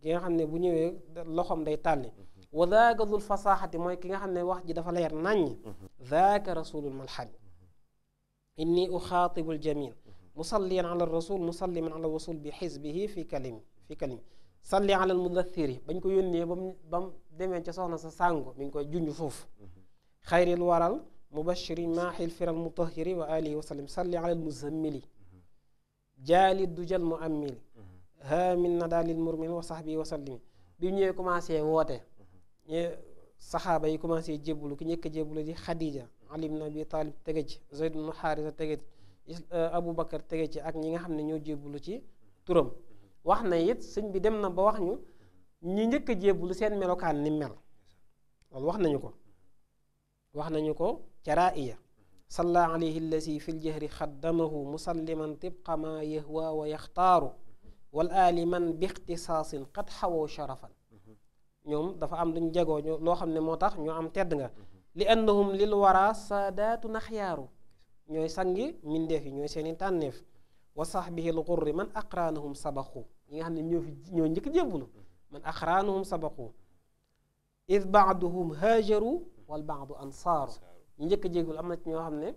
ki nga xam ne bu ñëwee loxoom day tàlli wa zaaka zul fasaaxati mooy ki nga xam ne wax ji dafa leer naññ zaaka rasulul malxani inni uxaatibul jamin musalliyan ala rasul musalliman ala rasul bi xisbihi fi kalimi fi kalimi salli ala mudathiri bañ ko yónnee ba mu demee ca soxna sa sàngo mi ngi koy junj foofu xayril waral mubashiri maaxil firal mutahiri wa alihi wa sallim salli ala almuzammili jaali dujal mu ammili haamin nadaalil murmil wa sahbi wa sallimi bi mu ñëwee commencé woote ñu saxaaba yi commencé jébbalu ki njëkk a jébbalu di xadija ali ibn abi taalib tege ci zeyd ibn xaarisa tege ci euh, abu bakar tege ci ak ñi nga xam ne ñoo jébbalu ci turam wax na it sëñ bi dem na ba wax ñu ñi njëkk a jébbalu seen melokaan ni mel loolu wax nañu ko wax nañu ko ca raaiya salla alayhi allazi fi ljahri xaddamahu musalliman tibqa ma yahwa wa yaxtaaru wal aali man bi ixtisaasin qad xawo sharafan ñoom dafa am luñ jegoo loo xam ne moo tax ñu am tedd nga li annahum lil wara saadaatu naxyaaru ñooy sangi mindeef yi ñooy seeni tànneef wa saxbihi l xurri man aqraanahum sabaxu ñi nga xam ne ñoo njëkk jébbalu man aqraanahum sabaxu id baaduhum haajaru wal baadu ansaaru ñu njëkk a am na ci ñoo xam ne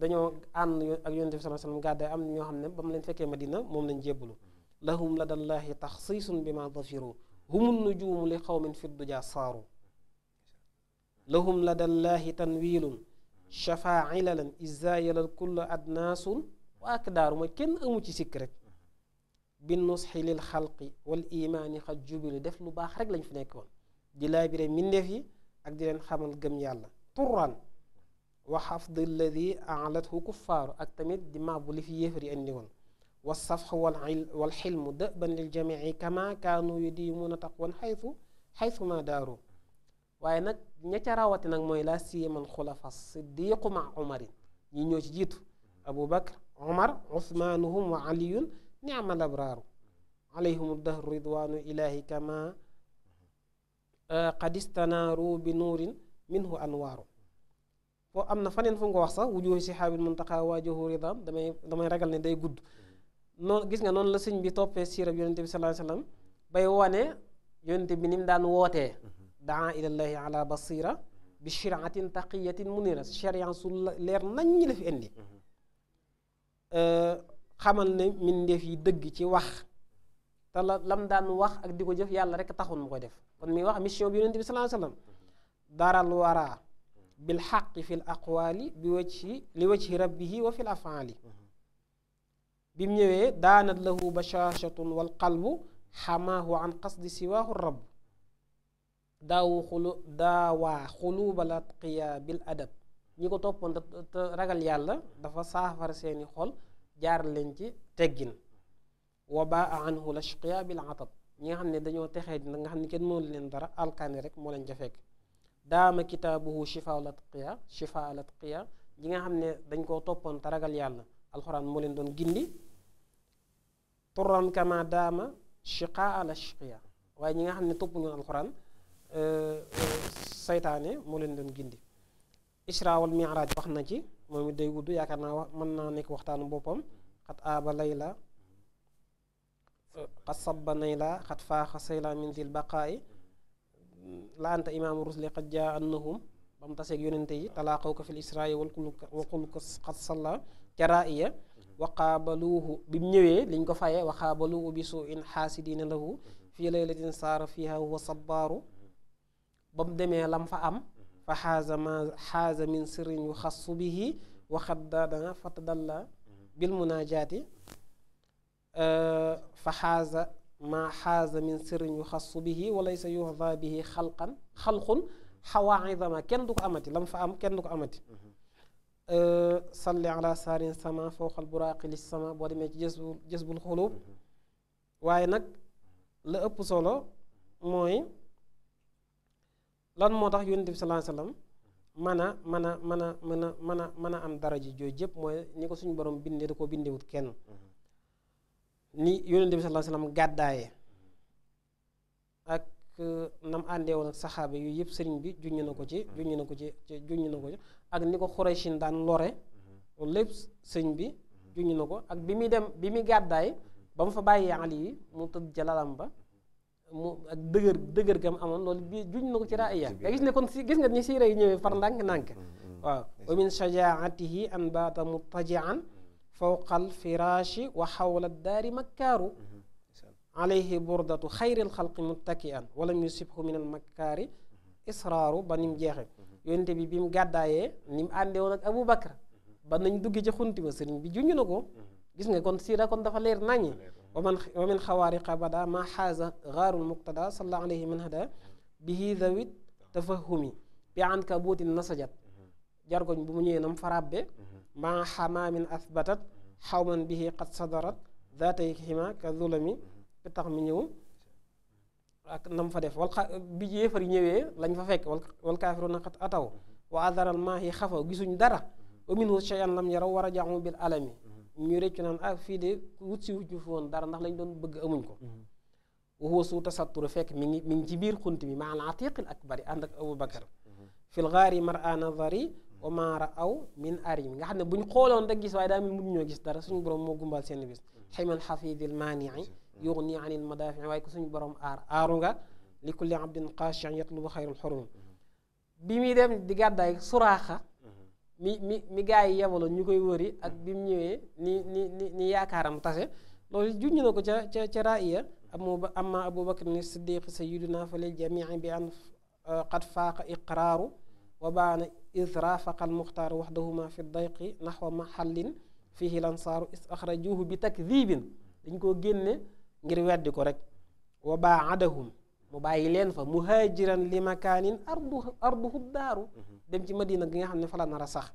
dañoo ànd ak yonent bi sallallahu alayhi wasallam gàddaay am ñoo xam ne ba mu leen fekkee madina moom lañ jébbalu lahum ladallahi taxsiisun bi ma zafiru humun nujuumu li xawmin fi duja saaru lahum ladallahi tanwiilun shafaa'ilan izayalal kullu adnaasun wa akdaaru mooy kenn amu ci sikk rek bi nusxi lil xalqi wal imaani xaj jubilu def lu baax rek lañ fi nekkoon di laabire mbindeef yi ak di leen xamal gëm yàlla turan wa xafdi alladi alathu kuffaaru ak tamit di màbbu li fi yéefar yi indi woon wa safx wal xilmu dëban lil jamii kama kaanu yudiimuuna taqwan xaytu xaytu ma daaru waaye nag ña ca rawati nag mooy laa siyaman xulafa siddiqu ma umarin ñi ñoo ci jiitu abu bakr umar usmaanuhum wa aliyun niamal abraaru alayhum dahru ridwaanu ilaahi kama xadistanaaru euh, bi nuurin minhu anwaaru foo am na faneen fu nga ko wax sax wujuhi sihaabil muntaqa waajahu ridaam damay damay ragal ne day gudd noonu gis nga noonu la sëñ bi toppee siirab yonente bi sallallahu alayhi wa sallam bay wane yonente bi ni mu daan wootee daa ilallahi ala basira bi shiraatin taqiyatin munira sharian su leer nañ ñi la fi indi euh, xamal ne mbindeef yi dëgg ci wax te la lam daan wax ak di ko jëf yàlla rek taxul mu ko def kon mi wax mission bi yonent bi sallallahu alayhi wasallam daral wara bil xaqi fil aqwali bi wajhi li wajhi rabbihi wa fil afaali bi mu ñëwee daanat lahu bashaashatun wal qalbu xamaahu an qasdi siwaahu rabb daawu xulu daawaa xuluba latqiya bil adab ñi ko toppoon te ragal yàlla dafa saafara seeni xol jaar leen ci teggin wa baa anhu lashqiya bil atab ñi nga xam ne dañoo texee dina nga xam ne kenn mënu leen dara alkaani rek moo leen ca fekk daama kitaabuhu shifaa latqiya shifaa latqiya ñi nga xam ne dañ koo toppoon te ragal yàlla alxuraan moo leen doon gindi turan kama daama shiqaa la shiqiya waaye ñi nga xam ne toppul woon alxuraan euh, euh, seytaane moo leen doon gindi isra wal wax na ci moom it day gudd yaakaar naa mën naa nekk waxtaanu boppam xat aaba layla xat sabba nayla xat faaxa sayla min zil baqaayi la anta imaamu rusli xat jaa annahum ba mu taseeg yonente yi talaaqaw ko fil israayi walkul waqul ko xat salla jaraiya waqaabaluuhu bi mu ñëwee liñ ko fayee waqaabaluuhu bi suu in xaasidina lahu fii laylatin saara fiha huwa sabbaaru ba mu demee lam fa am fa xaaza ma xaaza min sirrin yu xassu bihi waxat daadana fatadalla bil munaajaati fa xaaza ma xaasa min sirrin yu xassu bihi walay sa yuxda bihi xalqan xalqun xawaaidama kenn du ko amati lam fa am kenn du ko amati salli ala saarin sama fawqal buraaqi li sama boo demee ci jës bu jës bul xulub waaye nag la ëpp solo mooy lan moo tax yonent bi sallallahu alayhi wasallam mën a mën a mën a mën a mën a mën a am dara ji jooju yëpp mooy ñu ko suñu borom bindee da ko bindewut kenn ni yonent bi sallallahu alayhi wasallam gàddaaye ak uh, nam àndee woon ak saxaaba yooyu yëpp sëriñ bi junñu na ko ci mm-hmm. junñu na ko ci junñu na ko ci ak ni ko xoraysin daan lore mm-hmm. lépp sëriñ bi mm-hmm. junñu na ko ak bi muy dem bi muy gàddaay ba mu fa bàyyee ali yi mu tëdd ca lalam ba mu ak dëgër dëgër gam amoon loolu bi na ko ci raaya nga gis ne kon gis nga ni siira yi ñëwee far ndànk-ndànk waaw wa min shajaatihi an baata mutajian fawqal firaashi wa xawla daari makkaaru alayhi burdatu xayril xalqi muttakian walam yusibhu min al makkaari israaru ba nim jeexe yonte bi bi mu gàddaayee ni mu àndee woon Abu Bakar ba nañ dugg ci xunti ba sëriñ bi junj na ko gis nga kon siira kon dafa leer naññi waman wamin xawaariqa bada ma xaaza gaarul muqtada salla alayhi man hada bihi dawit tafahumi bi an kabuutin nasajat jargoñ bu mu ñëwee nam farabbe maa xamaamin asbatat xawman bihi qad sadarat zaatay xima ka zulami bi tax mi ñëw ak nam fa def wal bi yéefar ñëwee lañ fa fekk wal kaafiruuna qad ataw wa adaral maa yi xafaw gisuñ dara wa minhu shay'an lam yaraw wa rajahu bil alami ñu rëccu naan ak ah, fii de wut si wut ñu fi woon dara ndax lañ doon bëgg amuñ ko wa huwa su tasatturu fekk mi ngi mi ngi ci biir xunt bi ma al atiqil akbari ànd Abu Bakar fil gaari mar'a nadari omara aw min arim nga xam ne bu ñu xooloon rek gis waaye daa mel mënu ñoo gis dara suñu borom moo gumbal seen bis xayman xafidil maanii yuxni anil madaafi waaye ko suñu borom aar aaru nga li kulli abdin qaashin yatlubu xayrul xurum bi muy dem di gàddaay suraaxa koy wëri ak bi mu ñëwee ni ni ni ni yaakaaram tase loolu junñu na ko ca ca ca raaya amma abubakar ni siddiq sayiduna fa lil jamii bi an qad faaqa iqraaru wa baana is rafaqal muxtaar waxdahuma fi dayqi naxwa mahallin fihi lansaaru is axrajuhu bi takdibin dañ koo génne ngir weddi ko rek wa baadahum mu bàyyi leen fa muhaajiran li makaanin ardu arduhu daaru mhm. dem ci madina gi nga xam ne fa la nar sax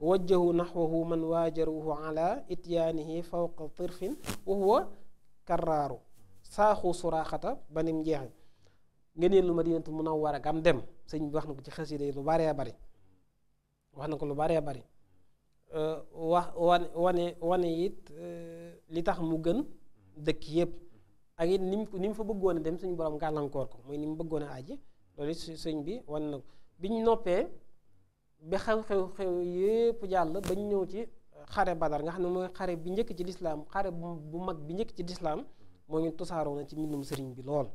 wajjahu naxwahu man waajaruhu ala ityaanihi fawqa tirfin wa huwa karraaru saaxu suraaxata banim njeexi ngeneen lu madinatu munawwara gam dem sëñ bi wax na ko ci xasida yi lu baree bari wax na ko lu baree bari euh, wax wane wane wane it euh, li tax mu gën dëkk yëpp ak it ni mu ni mu fa bëggoon a dem suñu borom gàllankoor ko mooy ni mu bëggoon a aji loolu sëñ bi wan na ko bi ñu noppee ba xew-xew-xew yëpp jàll ba ñëw ci xare badar nga xam ne mooy xare bi njëkk ci lislaam xare bu mag bi njëkk ci lislaam moo ngi tusaaroo na ci mbindum sëriñ bi lool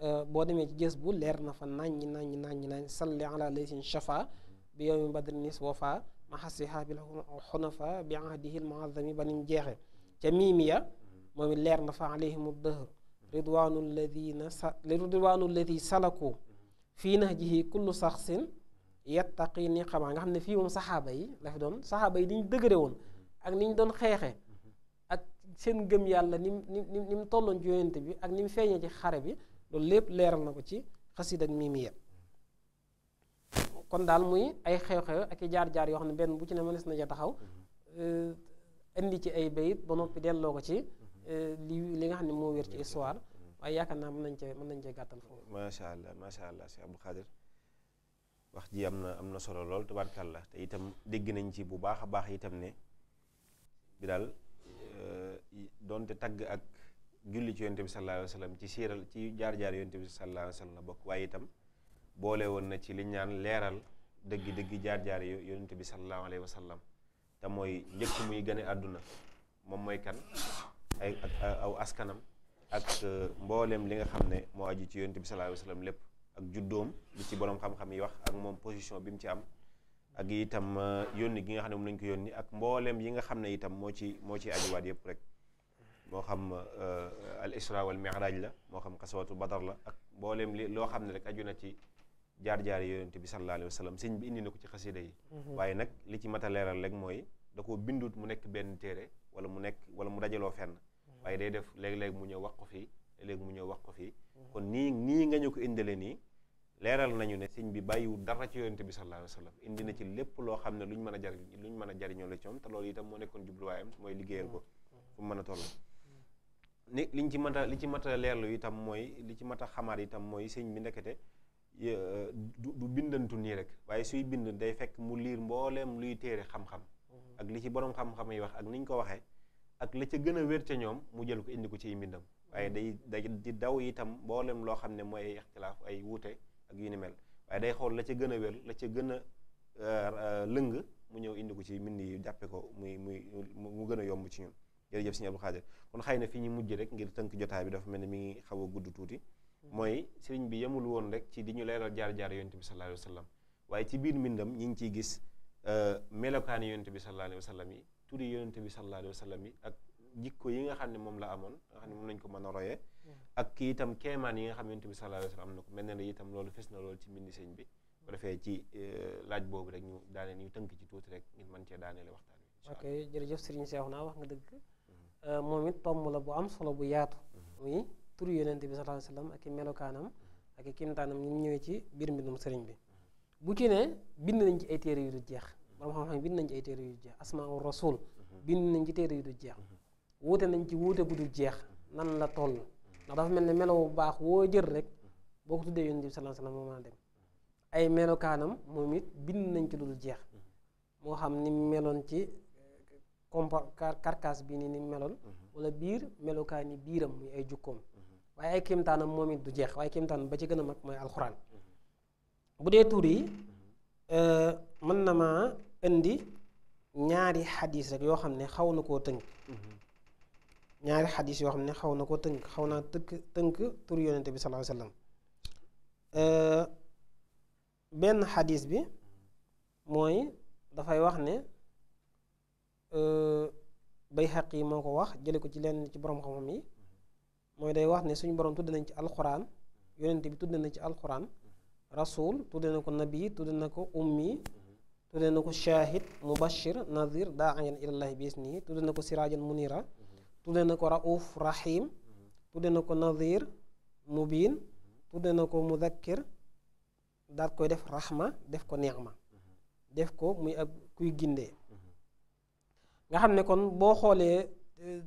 Euh, boo demee ci gës bu leer na fa naññi naññi naññi naññi salli ala laysin shafa bi yowmi badrinis wafa mahasi habil xunafa bi ahdihi lmuazami ba nim jeexe ca miimiya moom it leer na fa alayhim dëhr ridwaanu alladina sa ridwaanu alladi salaku fii nahjihi kullu saxsin yattaqi ni xamaa nga xam ne fii moom saxaaba yi la fi doon saxaaba yi ni ñu dëgëre ak ni ñu doon xeexe ak seen gëm yàlla ni mu ni mu tolloon bi ak ni mu feeñee ci xare bi loolu lépp leeral na ko ci xasida ak miimiya kon daal muy ay xew-xew ak i jaar-jaar yoo xam ne benn bu ci ne mënees na ja taxaw mhm. euh, indi ci ay bayit ba noppi delloo ko ci mhm. euh, li li nga xam ne moo wér ci histoire mhm. waaye yaakaar naa mën nañ cee mën nañ cee gàttal foofu macha allah macha allah Cheikh Abdou Khadir wax ji am na am na solo lool tabarkàlla te itam dégg nañ ci bu baax a baax tam ne bi daal euh, doonte tagg ak julli ci yonte bi sallallahu alayhi ci siiral ci jaar-jaar yonte bi sallallahu alayhi wa sallam la bokk waaye itam boole woon na ci li ñaan leeral dëgg-dëgg jaar-jaar yonte bi sallallahu alayhi wa sallam te mooy njëkk muy gane àdduna moom mooy kan ay ak aw askanam ak e, mbooleem li nga xam ne moo aju ci yonent bi sallallahu alayhi lépp ak juddoom li ci borom xam-xam yi wax ak moom position bi mu ci am ak itam e, yónni gi nga xam ne moom nañ ko yónni ak mbooleem yi nga xam ne itam moo ci moo ci ajuwaat yëpp rek moo xam euh, al isra wal miraaj la moo xam xasawatu badar la ak mbooleem li loo xam ne rek aju na ci jaar-jaar yonent bi sallallahu alayhi wa sëñ bi indi na ko ci xasida yi mhm. waaye nag li ci mat a leeral rek mooy da koo bindut mu nekk benn téere wala mu nekk wala mu dajaloo fenn mhm. waaye day def léeg-léeg mu ñëw wax ko fii léeg mu ñëw wax ko fii mhm. kon nii nii nga ñu ko indale nii leeral nañu ne sëñ bi bàyyiwul dara ci yonent bi sallallahu alayhi wa sallam indi na ci lépp loo xam ne luñ mën a jariñ luñ mën a jariñoo la ci moom te loolu itam moo nekkoon jubluwaayam mooy liggéeyal ko fu mu mën a toll ni liñ ci mat a li ci mat a leerlu itam mooy li ci mat a xamaat itam mooy seen bi ndekete du bindantu nii rek waaye suy bind day fekk mu liir mbooleem luy téere xam-xam mm-hmm. ak li ci borom xam-xam yi wax ak niñ ko waxee ak la ca gën a wér ca ñoom mu jël ko indi ko ci mbindam waaye day mm-hmm. day di daw itam mbooleem loo xam ne mooy ay ay wuute ak yu ni xool la ca gën a wér la ca gën a euh, euh, lëng mu ñëw indi ko ci mbind yi jàppe ko muy muy mu gën a yomb ci ñun jërëjëf sëñ Abdou Khadir kon xëy na fi ñu mujj rek ngir tënk jotaay bi dafa mel ne mi ngi xaw a gudd tuuti mooy sëriñ bi yemul woon rek ci di ñu leeral jaar-jaar yonent bi sallallahu alayhi wa sallam waaye ci biir mbindam ñi ngi ciy gis euh, melokaani yonent bi sallallahu alayhi wa sallam yi turi yonent bi sallallahu alayhi wa sallam yi ak jikko yi nga xam ne moom la amoon nga xam ne moom nañ ko mën a royee ak ki itam keemaan yi nga xam ne yonent bi sallallahu alayhi am na ko mel na ne itam loolu fes na loolu ci mbindi sëñ bi bu defee ci euh, laaj boobu rek ñu daaneel ñu tënk ci tuuti rek ngir man cee daaneele waxtaan wi ok jërëjëf sëriñ Seexuna wax nga moom it tomb la bu am solo bu yaatu muy tur yonent bi sallallahu alayhi wasallam ak i melokaanam ak i kimtaanam ñu ñëwee ci biir mbindum sëriñ bi bu ci ne bind nañ ci ay téere yu du jeex borom xam-xam bind nañ ci téere yu du jeex asmaul rasul bind nañ ci téere yu du jeex wuute nañ ci wuute bu du jeex nan la toll ndax dafa mel ne melow bu baax woo jël rek boo ko tuddee yonent bi sallallahu alayhi wasallam moo mën a dem ay melokaanam moom it bind nañ ci lu du jeex moo xam ni meloon ci compo carcasse bi ni ni meloon mhm. wala biir melokaa ni biiram muy ay jukkoom waaye ay kéemtaanam moom it du jeex waaye kéemtaanam ba ci gën a mag mooy alxuraan mhm. bu dee tuur yi mhm. euh, mën na ma indi ñaari xadis rek yoo xam ne xaw na koo tënk ñaari xadis yoo xam ne xaw na koo tënk xaw naa tënk tënk tur yonente bi sallallahu alayhi euh, benn xadis bi mooy dafay wax ne Euh, Bayhaqi yi moo ko wax jële ko ci lenn ci borom xam yi mooy day wax ne suñu borom tudd nañ ci alxuraan yonent bi tudd na ci alxuraan rasul tudd na ko nabi tudd na ko ummi tudd na ko shahid mubashir nazir daaiyan ilallahi bi isnihi tudd na ko siraajan munira tudd na ko rauf rahim tudd na ko nazir mubin tudd na ko muzakkir daal koy def rahma def ko neexma def ko muy ab kuy gindee nga xam ne kon boo xoolee euh,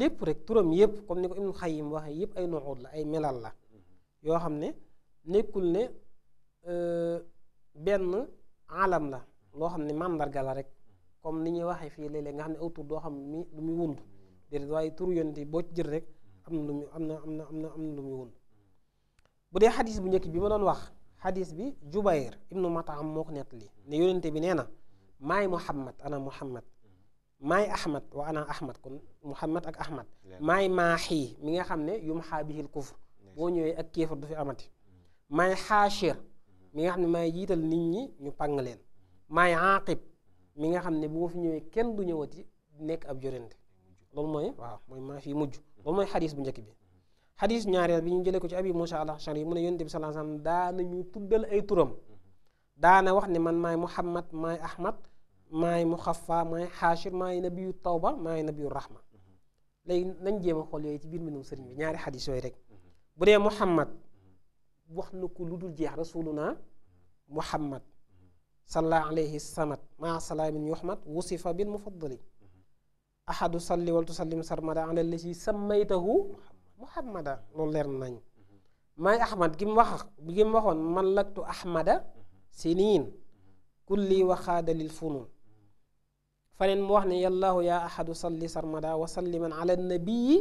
lépp rek turam yépp comme ni ko Ibnu Xayim waxee yépp ay nuxuut la ay melal la yoo xam ne nekkul ne euh, benn alam la loo xam ne màndarga la rek comme ni ñuy waxee fii léeg-léeg nga xam ne aw tur doo xam mi lu muy wund déedéet waaye tur yonte boo jël rek am lu muy am na am na am na am bu dee xadis bu njëkk bi ma doon wax xadis bi Jubayr ibnu Mataam moo ko nettali ne yonente bi nee na maay Muhammad ana Muhammad maay ahmad wa ana ahmad kon muhammad ak ahmad maay maaxii mi nga xam ne yum xaabihil kufr boo ñëwee ak kéefar du fi amati maay xaashir mi nga xam ne maay jiital nit ñi ñu pàng leen maay aaqib mi nga xam ne boo fi ñëwee kenn du ñëwati nekk ab jorente loolu mooy waaw mooy maa fii mujj loolu mooy xadis bu njëkk bi xadis ñaareel bi ñu jëlee ko ci abi Muusa al-Ash'ari mu ne yonent bi sallallahu alayhi wasallam daana ñu tuddal ay turam daana wax ne man maay muhammad maay ahmad maay muxafa maay xaashir maay nabiyu tawba maay nabiyu rahma léegi nañ jéem a xool yooyu ci biir mbindum sëriñ bi ñaari xadis yooyu rek bu dee muhammad wax na ko lu dul jeex rasuluna muhammad salla alayhi samad maa salaamin yuhmad wusifa bil mufaddali ahadu salli wal tusallim sarmada ala lasi sammaytahu muhammada loolu leer nañ maay ahmad gi mu wax gi waxoon man laktu ahmada siniin kulli waxaada lil funun faneen mu wax ne yallaahu yaa ahadu salli sarmada wa salliman ala nabiyi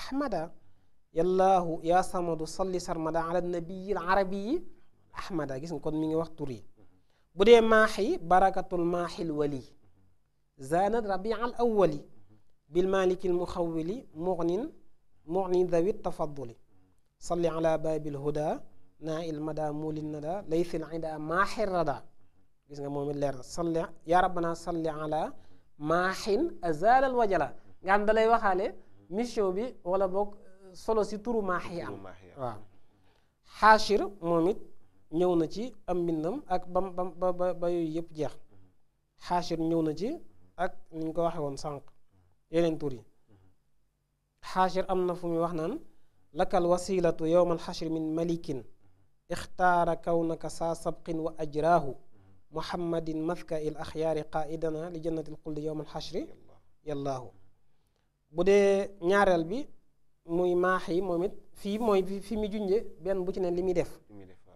ahmada yallaahu yaa samadu salli sarmada ala nabiyi arabiyi ahmada gis nga kon mi ngi wax tur yi bu dee maaxi barakatul maaxil wali zaanat rabial awali bil maalikil muxawili muxnin muxnin dawit tafadduli salli ala baabil huda naa il mada muulin nada laysil ida maaxir rada gis nga moom it leer na salli yaa rabbana salli ala maaxin azalal wajala nga dalay waxaale mission bi wala boog solo si turu maax yi am xaashir moom ñëw na ci am mbindam ak bam bam ba ba yooyu yëpp jeex xaashir ñëw na ci ak ni ñu ko waxee woon sànq yeneen tur xaashir am na fu muy wax naan lakal wasilatu yowmal xashri min malikin ixtaara kawnaka saa sabqin wa ajraahu muhammadin maska il axyaari qaidana li jannatil xuldi yowmal xashri yallaahu bu dee ñaareel bi muy maax yi moom it fii mooy fi mu junje benn bu ci ne li muy def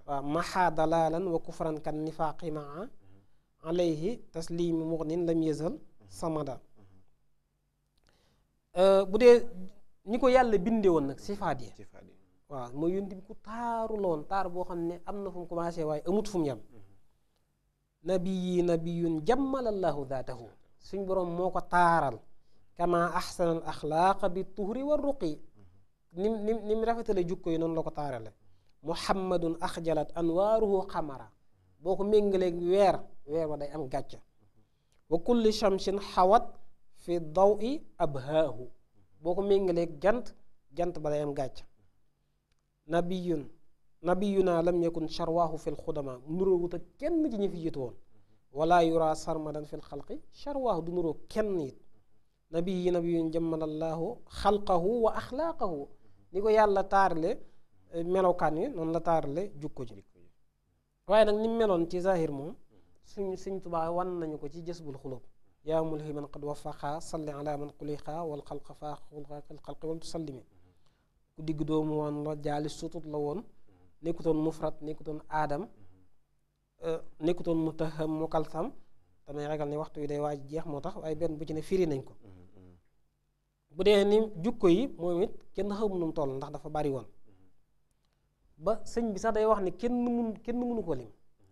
waaw maxa dalaalan wa kufran kan nifaaqi maa alayhi taslimi mugnin lam yazal samada euh, bu dee ñi ko yàlla bindee woon nag sifaat yi waaw mooy yonent bi ku taaru loon taar boo xam ne am na fu mu waaye amut fu mu nabiyi nabiyun jammalallahu daatahu suñ boroom moo ko taaral kama ahsana al bi tuhri wa ruqi nim nim ni rafetale jukko yi noonu la ko taarale muhammadun axjalat anwaaruhu xamara boo ko méngaleeg weer weer wa day am gàcce wa kulli shamsin xawat fi dawi abhaahu boo ko méngaleeg jant jant ba day am gàcce nabiyun nabiyuna lam yakun charwaahu fi lxudama nuroowut ak kenn ci ñi fi jiitu woon wala yura sarmadan fi lxalqi charwaahu du nuroo kenn it nabiyi nabiyun jammalallaahu xalqahu wa axlaaqahu ni ko yàlla taarale eh, melokaan yi noonu la taarale jukko ji waaye nag ni mu meloon ci zahir moom suñ suñ tubaa wan nañu ko ci jës bul xulóob yaa mulhiman qad wafaqa salli man xuliqa wal xalqa faa xulqa kal xalqi wal tusallimi ku digg doomu woon la jaali sutut la woon nekkutoon mufrad nekkutoon aadam mm-hmm. euh, nekkutoon mu mutaham mukalsam damay ragal ne waxtu yi day waaj jeex moo tax waaye benn bu ci ne firi nañ ko mm-hmm. bu dee ni jukko yi moom it kenn xamu nu mu ndax dafa bari woon mm-hmm. ba sëñ bi sax day wax ne kenn mun kenn mënu ko lim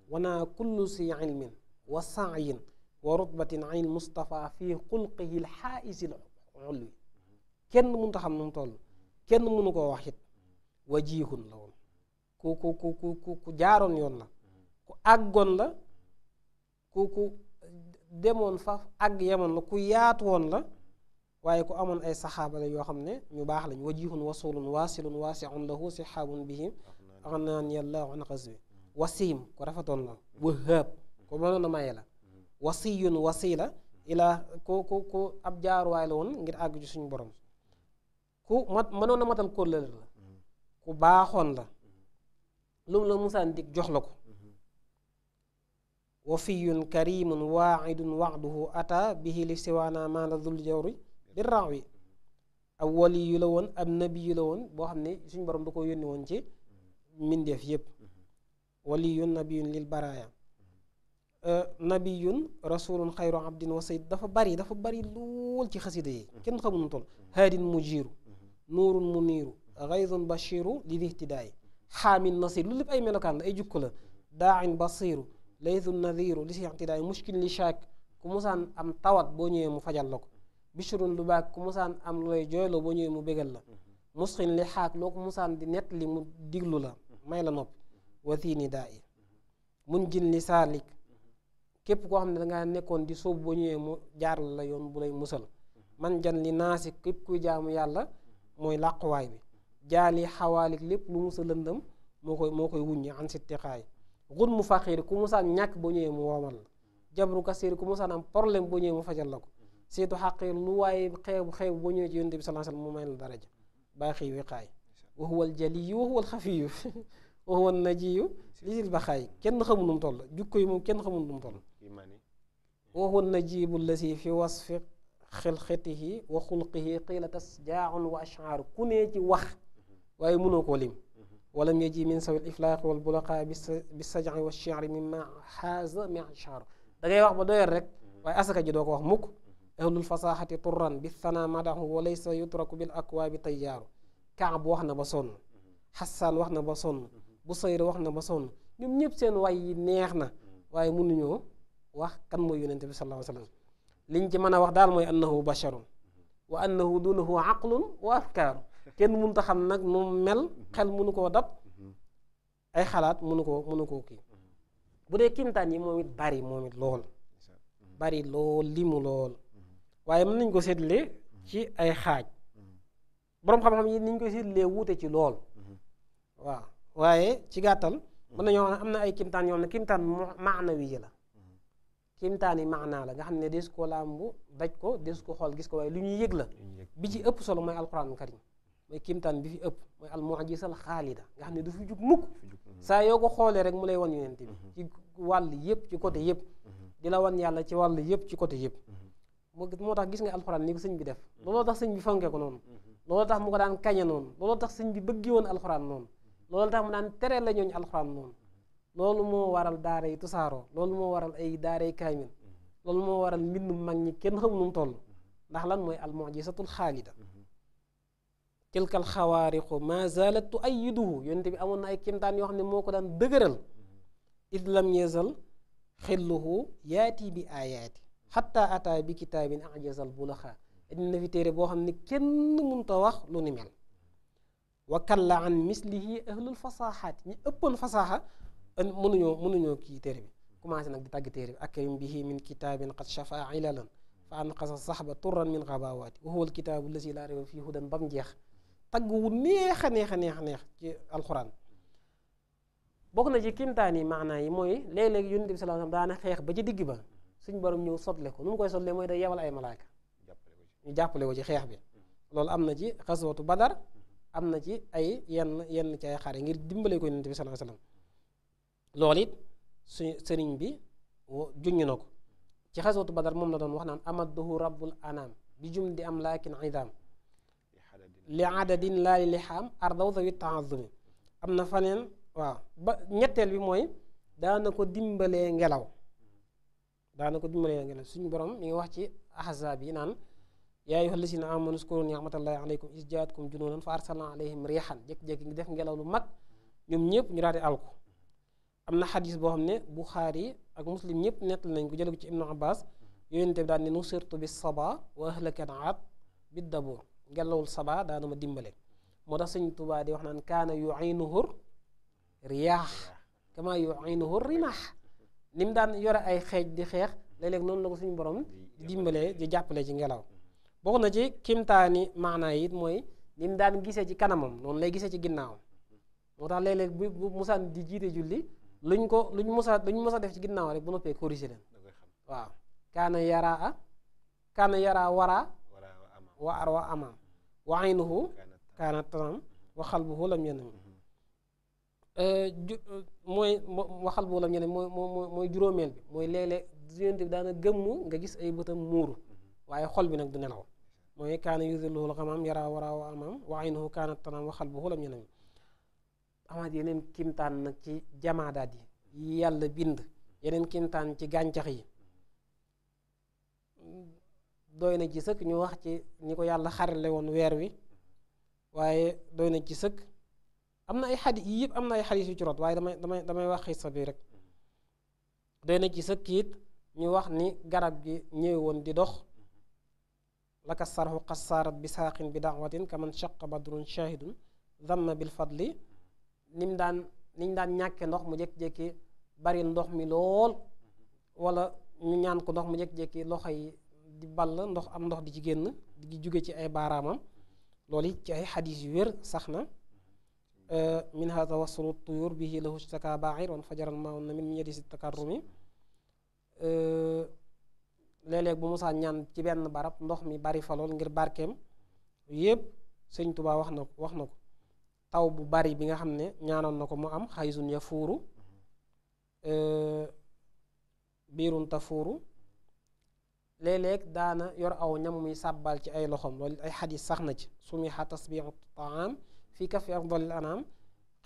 wana kullu si ilmin wa saayin wa rutbatin an mustafa fi xulqihi l xaaisil ulwi kenn mënut a xam nu mu kenn mënu koo wax it wajihun la woon ku ku ku ku ku jaaroon yoon la ku àggoon la ku ku demoon fa àgg yemoon la ku yaatu woon la waaye ku amoon ay saxaaba la yoo xam ne ñu baax lañ wajihun wasulun waasilun waasiun lahu sixaabun bihim anaan yallahu an la wahaab ku mënoon wasila ila ku ku ku ab jaaruwaay la woon ngir àgg ci suñu borom ku mat mënoon matal kóllëre la ku baaxoon la lu mu la musaan dig jox la ko wafiyun karimun waaidun waxduhu ata bihi li siwaana maana dul jawri bi raawi ab wali la woon ab nabi la woon boo xam ne suñ borom da ko yónni woon ci mbindeef yépp waliyun nabiyun lil baraaya nabiyun rasulun xayru abdin wa dafa bari dafa bari lool ci xasida yi kenn xamuñu toll haadin mujiiru nuurun muniiru gaydun bashiru lil ihtidaay xaamin nasir lu lépp ay melokaan la ay jukko la daain basiru laytu nadiru li si ixtidaay mushkil li shaak ku musaan am tawat boo ñëwee mu fajal la ko bishrun lu baax ku musaan am lu lay jooyloo boo ñëwee mu bégal la musxin li xaak loo ko musaan di nett li mu diglu la may la noppi watini daa i mun jin li saalik képp koo xam ne dangaa nekkoon di sóobu boo ñëwee mu jaar la yoon bu lay musal man jan li naasi képp kuy jaamu yàlla mooy làquwaay bi jaali xawaalik lépp lu musa lëndëm moo koy moo koy wuññi an sittiqaay xun mu faqiir ku musaan ñàkk ba ñëwee mu woomal la jabru kasiir ku musaan am problème ba ñëwee mu fajal la ko seetu xaqiir lu waaye xeebu xeebu ba ñëwee ci yonte bi sallallahu alayhi wasallam mu may la daraja baa xiiw wiqaay wa huwa al jaliyu wa huwa kenn xamu nu mu toll jukko yi moom kenn xamul nu mu toll wa huwa an najibu lasi fi wasfi xilqatihi wa xulqihi qiila tas jaaun wa ashaaru ku ne ci wax waaye mënoo ko lim walam yaji min sawil iflaaq wal bulaqa bi saj'i wa shi'ri mimma xaaza mi'shar da ngay wax ba doyal rek waaye asaka ji doo ko wax mukk ahlul fasaxati turran bi thana madahu wa laysa yutraku bil akwaabi tayyaaru kaab wax na ba sonn xasaan wax na ba sonn busayr wax na ba sonn ñoom ñëpp seen way yi neex na waaye mënuñoo wax kan mooy yonente bi sallallahu alayhi wa sallam liñ ci mën a wax daal mooy annahu basharun wa annahu dunahu aqlun wa afkaaru kenn mun a xam nag nu mel xel mënu koo dab ay xalaat mënu koo mënu koo kii bu dee kimtaan yi moom it bari moom it lool bari lool mu lool waaye mën nañ ko seetlee ci ay xaaj boroom xam-xam yi niñ koy seetlee wuute ci lool waaw waaye ci gàttal mën nañoo wax ne am na ay kimtaan yoo xam ne kimtaan maanawi yi la kimtaan yi maanaa la nga xam ne des ko làmbu daj ko des ko xool gis ko waaye lu ñuy yëg la bi ci ëpp solo mooy alxuraanu karim mooy kimtaan bi fi ëpp mooy al mu'jizal xaalida nga xam ne du fi jug mukk saa yoo ko xoolee rek mu lay wan yonent bi mm-hmm. ci wàll yëpp ci côté yëpp mm-hmm. di la wan yàlla ci wàll yëpp ci côté yëpp mm-hmm. moo tax gis nga alxuraan ni ko sëñ bi def looloo tax sëñ bi fonkee ko noonu looloo tax mu ko daan kañe noonu looloo tax sëñ bi bëggee woon alxuraan noonu loolu tax mu daan tere la ñooñu alxuraan noonu loolu moo waral daara yi tusaaroo loolu moo waral ay daara yi kaamil loolu moo waral mbindum mag ñi kenn xam nu mu ndax lan mooy almujisatul xaalida tilkal xawaariqu ma zalat tu ay yiduhu yonente bi amoon na ay kimtaan yoo xam ne moo ko daan dëgëral id lam yazal xilluhu yaati bi ayaati xatta ataa bi kitaabin ajazal bulaxaa indi na fi téere boo xam ne kenn mënta wax lu ni mel wa kalla an mislihi ahlul fasaaxaat ñi ëppoon fasaaxa mënuñoo mënuñoo kii téere bi commencé nag di tàgg téere bi ak kayum bihi min kitaabin qad shafaa ilalan fa anqasa saxba turan min xabawaati wa huwa alkitaabu lasi laa rayba fii hudan bam jeex tagg wu neex a neex neex ci alxuraan bokk na ci kimtaan yi maanaa yi mooy léeg yu yonent bi sallallahu alayhi xeex ba ci digg ba suñ borom ñëw sotle ko nu mu koy sotle mooy day yebal ay malaaka ñu jàppale ko ci xeex bi loolu am na ci xaswatu badar am na ci ay yenn yenn ci ay xare ngir dimbale koy yonent bi sallallahu alayhi loolu it suñ sëriñ bi juññu na ko ci xaswatu badar moom la doon wax naan amadduhu rabbul anam bi jum di am laakin idaam li adadin laa li lixaam ardaw zawi am na faneen waaw ba ñetteel bi mooy daana ko dimbalee ngelaw daana ko dimbalee ngelaw suñu borom ñu ngi wax ci ahzaab yi naan yaa ayyuhal lazina aamanu uzkuru ni'matallahi alaykum iz jaa'atkum junuudan fa arsalna alayhim riihan jékki-jékki ngi def ngelaw lu mag ñoom ñëpp ñu daal di am na xadis boo xam ne Buxaari ak muslim ñëpp nettali nañ ko jële ci ibnu abbas yooyente bi daal ne nusirtu bis saba wa ahlakan aad bid dabuur ngelawul sabaa daana ma dimbale moo tax suñu tubaa di wax naan kaana yuinuhu riyaax kama yuinuhu rimaax ni mu daan yore ay xeej di xeex léeg-léeg noonu la ko suñu borom di dimbalee di jàppale ci ngelaw bokk na ci kimtaani maanaa yi it mooy ni mu daan gisee ci kanamam noonu lay gisee ci ginnaawam moo tax léeg-léeg bu musaan di jiite julli luñ ko luñ musa luñ musa def ci ginnaaw rek bu noppee corrigé leen waaw kaana yaraa kaana yaraa waraa wa ar wa aynuhu kaanat tanam wa qalbuhu lam yanam ju mooy waxal bu lam yeneen mooy juróomeel bi mooy léeg-léeg yonent bi daana gëmmu nga gis ay bëtam muur waaye xol bi nag du nelaw mooy kaana yusilluhul xamaam yara waraa wa amaam wa aynuhu kaanat tanaam wa qalbuhu amaat yeneen kimtaan nag ci jamaadaat yi yàlla bind yeneen kimtaan ci gàncax yi doy na ci sëkk ñu wax ci ñi ko yàlla xarale woon weer wi waaye doy na ci sëkk am na ay xadis yii yëpp am na ay xadis yu ci waaye damay damay damay wax sa bi rek doy na ci sëkk it ñu wax ni garab gi ñëw woon di dox laka sarxu xasaarat bi saaqin bi daawatin kaman shaqa badrun shahidun damma bil fadli nim daan niñ daan ñàkke ndox mu jékki-jékki bari ndox mi lool wala ñu ñaan ko ndox mu jékki-jékki loxo yi di ball ndox am ndox di ci génn di jóge ci ay baaraamam loolu it ci ay xadis yu wér sax na min ha tawassulu tuyur bihi lahu shtaka bair wan fajaran maun na min min yadisi takarrumi léeg-léeg bu musaa ñaan ci benn barab ndox mi bari fa lool ngir barkeem yépp sëñ Tuubaa wax na ko wax na ko taw bu bari bi nga xam ne ñaanoon na ko mu am xaysun ya fuuru biirun fuuru léeg-léeg daana yor aw ñam muy sàbbal ci ay loxoom loolu ay xadis sax na ci sumiha tasbihu taam fii kafi afdalil anam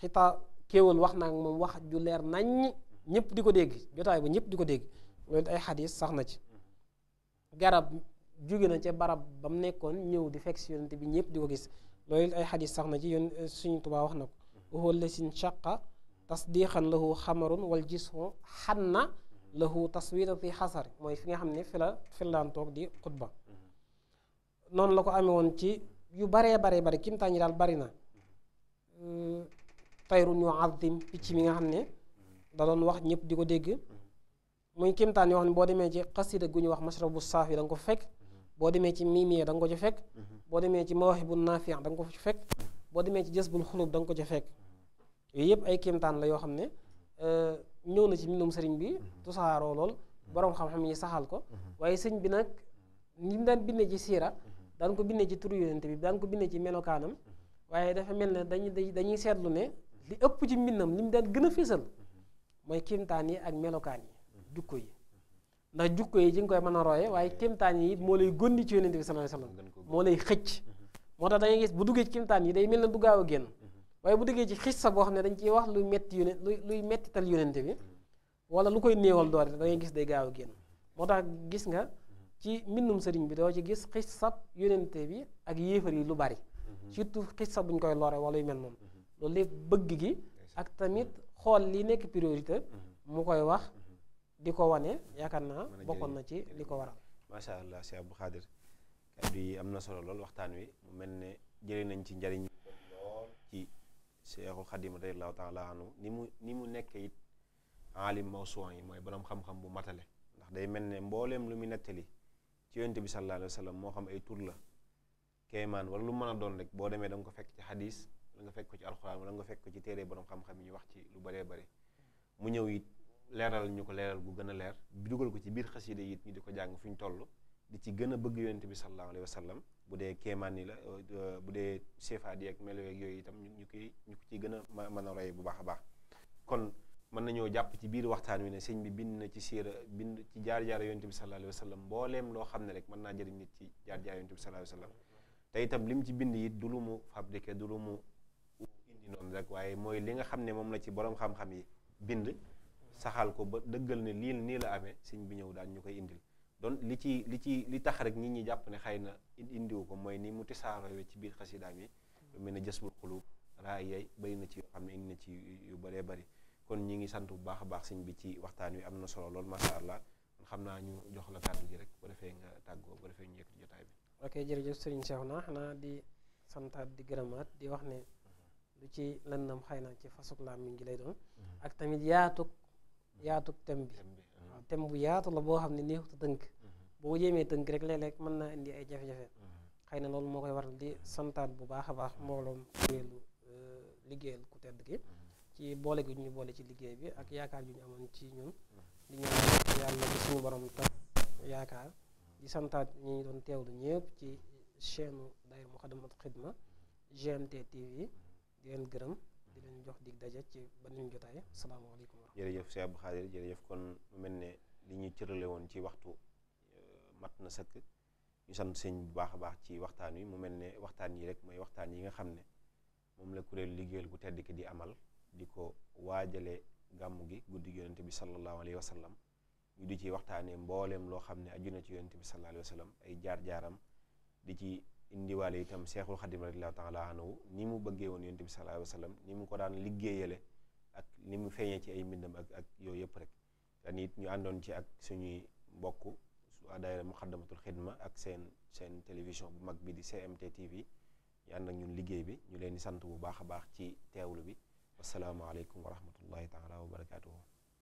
xita kéewal wax naag moom wax ju leer naññ ñëpp di ko dégg jotaay ba ñëpp di ko dégg loolu ay xadis sax na ci garab jóge na ca barab ba mu nekkoon ñëw di fekk si bi ñëpp di ko gis loolu ay xadis sax na ci yon suñu wax na ko waxóolle sin chaqa tasdiqan lahu xamarun wal jisho xanna lahu taswiru fi xasari mooy fi nga xam ne fi la fillaan toog di xutba mm-hmm. noonu la ko amee woon ci yu baree bare bare kimtaan yi daal bari na mm-hmm. tayrun yu azim picc mi nga xam ne mm-hmm. da doon wax ñëpp di ko dégg muy kimtaan yoo xam ne boo demee ci xasida gu ñu wax mashrabu saaf yi da nga ko fekk boo demee ci miimiya da nga ko ci fekk boo demee ci mawaahibu naafiya da nga ko ci fekk boo demee ci jës bul xulub danga ko ci fekk yooyu yëpp ay kimtaan la yoo xam ne euh, ñëw na ci mbindum sëriñ bi tusaaroo lool borom xam-xam yi saxal ko mhm. waaye sëñ bi nag ni mu daan bindee ci siira daan ko bindee ci turu yonent bi daan ko bindee ci melokaanam mhm. waaye dafa mel ne dañuy dañuy seetlu ne li ëpp ci mbindam li mu daan gën a fésal mhm. mooy kéemtaan yi ak melokaan yi jukko yi ndax jukko yi ci nga koy mën a roye waaye kéemtaan yi it moo lay gónni ci yonent bi sallallahu alayhi wasallam moo lay xëcc moo tax da gis bu duggee ci yi day mel ne du gaaw a génn waaye bu déggee ci xissa boo xam ne dañ ciy wax luy metti yóne luy luy mettital yónente bi wala lu koy néewal doole da ngay gis day gaaw a génn moo tax gis nga ci mbindum sëriñ bi doo ci gis xissab yónente bi ak yéefar yi lu bari mhm. surtout xissa buñ koy lore wala yu mel noonu mhm. loolu lépp bëgg gi ak tamit xool li nekk priorité mhm. mu koy wax di ko wane yaakaar naa bokkoon na ci li ko waral macha allah Cheikh Abdou Khadir kàddu yi am na solo loolu waxtaan wi mu mel ne jëlee nañ ci njariñ Seexul Xadim radiyallaahu taala anhu ni mu ni mu nekk it aalim mawsuwan yi mooy boroom xam-xam bu matale ndax day mel ne mbooleem lu muy nettali ci yonent bi sallallaahu alayhi wa moo xam ay tur la kéemaan wala lu mën a doon rek boo demee da ko fekk ci xadis wala nga fekk ko ci alxuraan wala nga fekk ko ci téere boroom xam-xam yi ñu wax ci lu baree bare mu ñëw it leeral ñu ko leeral gu gën a leer dugal ko ci biir xasida yi it ñu di ko jàng fu ñu toll di ci gën a bëgg yonent bi sallallaahu alayhi wa bu dee kéemaan yi la euh, bu dee CFA di ak melo yooyu itam ñu ñu koy ñu ko ciy gën a mën a roy bu baax a baax kon mën nañoo jàpp ci biir waxtaan wi ne sëñ bi bind na ci siira bind ci jaar-jaar yonent bi sallallahu alayhi wa mbooleem loo xam ne rek mën naa jëriñ nit ci jaar-jaar yonent bi sallallahu alayhi wa te itam li mu ci bind it du lu mu fabriqué du lu mu indi noonu rek waaye mooy li nga xam ne moom la ci borom xam-xam yi bind saxaal ko ba dëggal ne lii nii la amee sëñ bi ñëw daan ñu koy indil doon li ci li ci li tax rek nit ñi jàpp ne xëy na indiwu ko mooy ni mu tisaaroo ci biir xasidaam yi lu mel ne jësbul xulub raay yay bëri na ci yoo xam ne indi na ci yu bëree bëri kon ñi ngi sant bu baax a baax sëñ bi ci waxtaan wi am na solo lool macha allah kon xam naa ñu jox la kàddu gi rek bu defee nga tàggoo bu defee ñu yëkkati jotaay bi ok jërëjëf sëriñ Cheikhouna xanaa di santaat di gërëmaat di wax ne lu ci lëndam xëy na ci fasuk laam mi ngi lay doon mhm. ak tamit yaatuk yaatuk bi mhm. waaw tem bu yaatu la boo xam ne neexut a tënk boo ko jéemee tënk rek léeg mën naa indi ay jafe-jafe mmh. xëy na loolu moo koy waral di santaat bu baax a baax mbooloom kuréelu euh, liggéeyal ku tedd gi ci boole gi ñu boole ci liggéey bi ak yaakaar yu ñu amoon ci ñun mmh. di ñaan yàlla bi suñu borom tam yaakaar di santaat ñi ñu doon teewlu ñëpp ci chaîne daayira Moukhaddamatoul Khidma GMT TV di leen gërëm di leen jox di daje ci beneen jotaay salaamaaleykum wa rahmatulah. jërëjëf Cheikh Abdou Khadir jërëjëf kon mu mel ne li ñu cërale woon ci waxtu. mat na sëkk ñu sant sëñ bu baax a baax ci waxtaan wi mu mel ne waxtaan yi rek mooy waxtaan yi nga xam ne moom la kuréel liggéeyal ku tedd ki di amal di ko waajale gàmm gi guddi yonente bi sallallahu alayhi wa sallam ñu di ci waxtaanee mbooleem loo xam ne aju na ci yonente bi sallallahu alayhi wa sallam ay jaar-jaaram di ci indiwaale itam seexul xadim radiyallahu taala anhu ni mu bëggee woon yonente bi sallallahu alayhi wa ni mu ko daan liggéeyale ak ni mu feeñee ci ay ak ak yooyu yëpp rek te ñu àndoon ci ak suñuy mbokk waa daayira muxaddamatul xidma ak seen seen télévision bu mag bi di CMT TV yàlla nag ñun liggéey bi ñu leen di sant bu baax a baax ci teewlu bi wasalaamaaleykum wa rahmatullahi taala wa barakaatuhu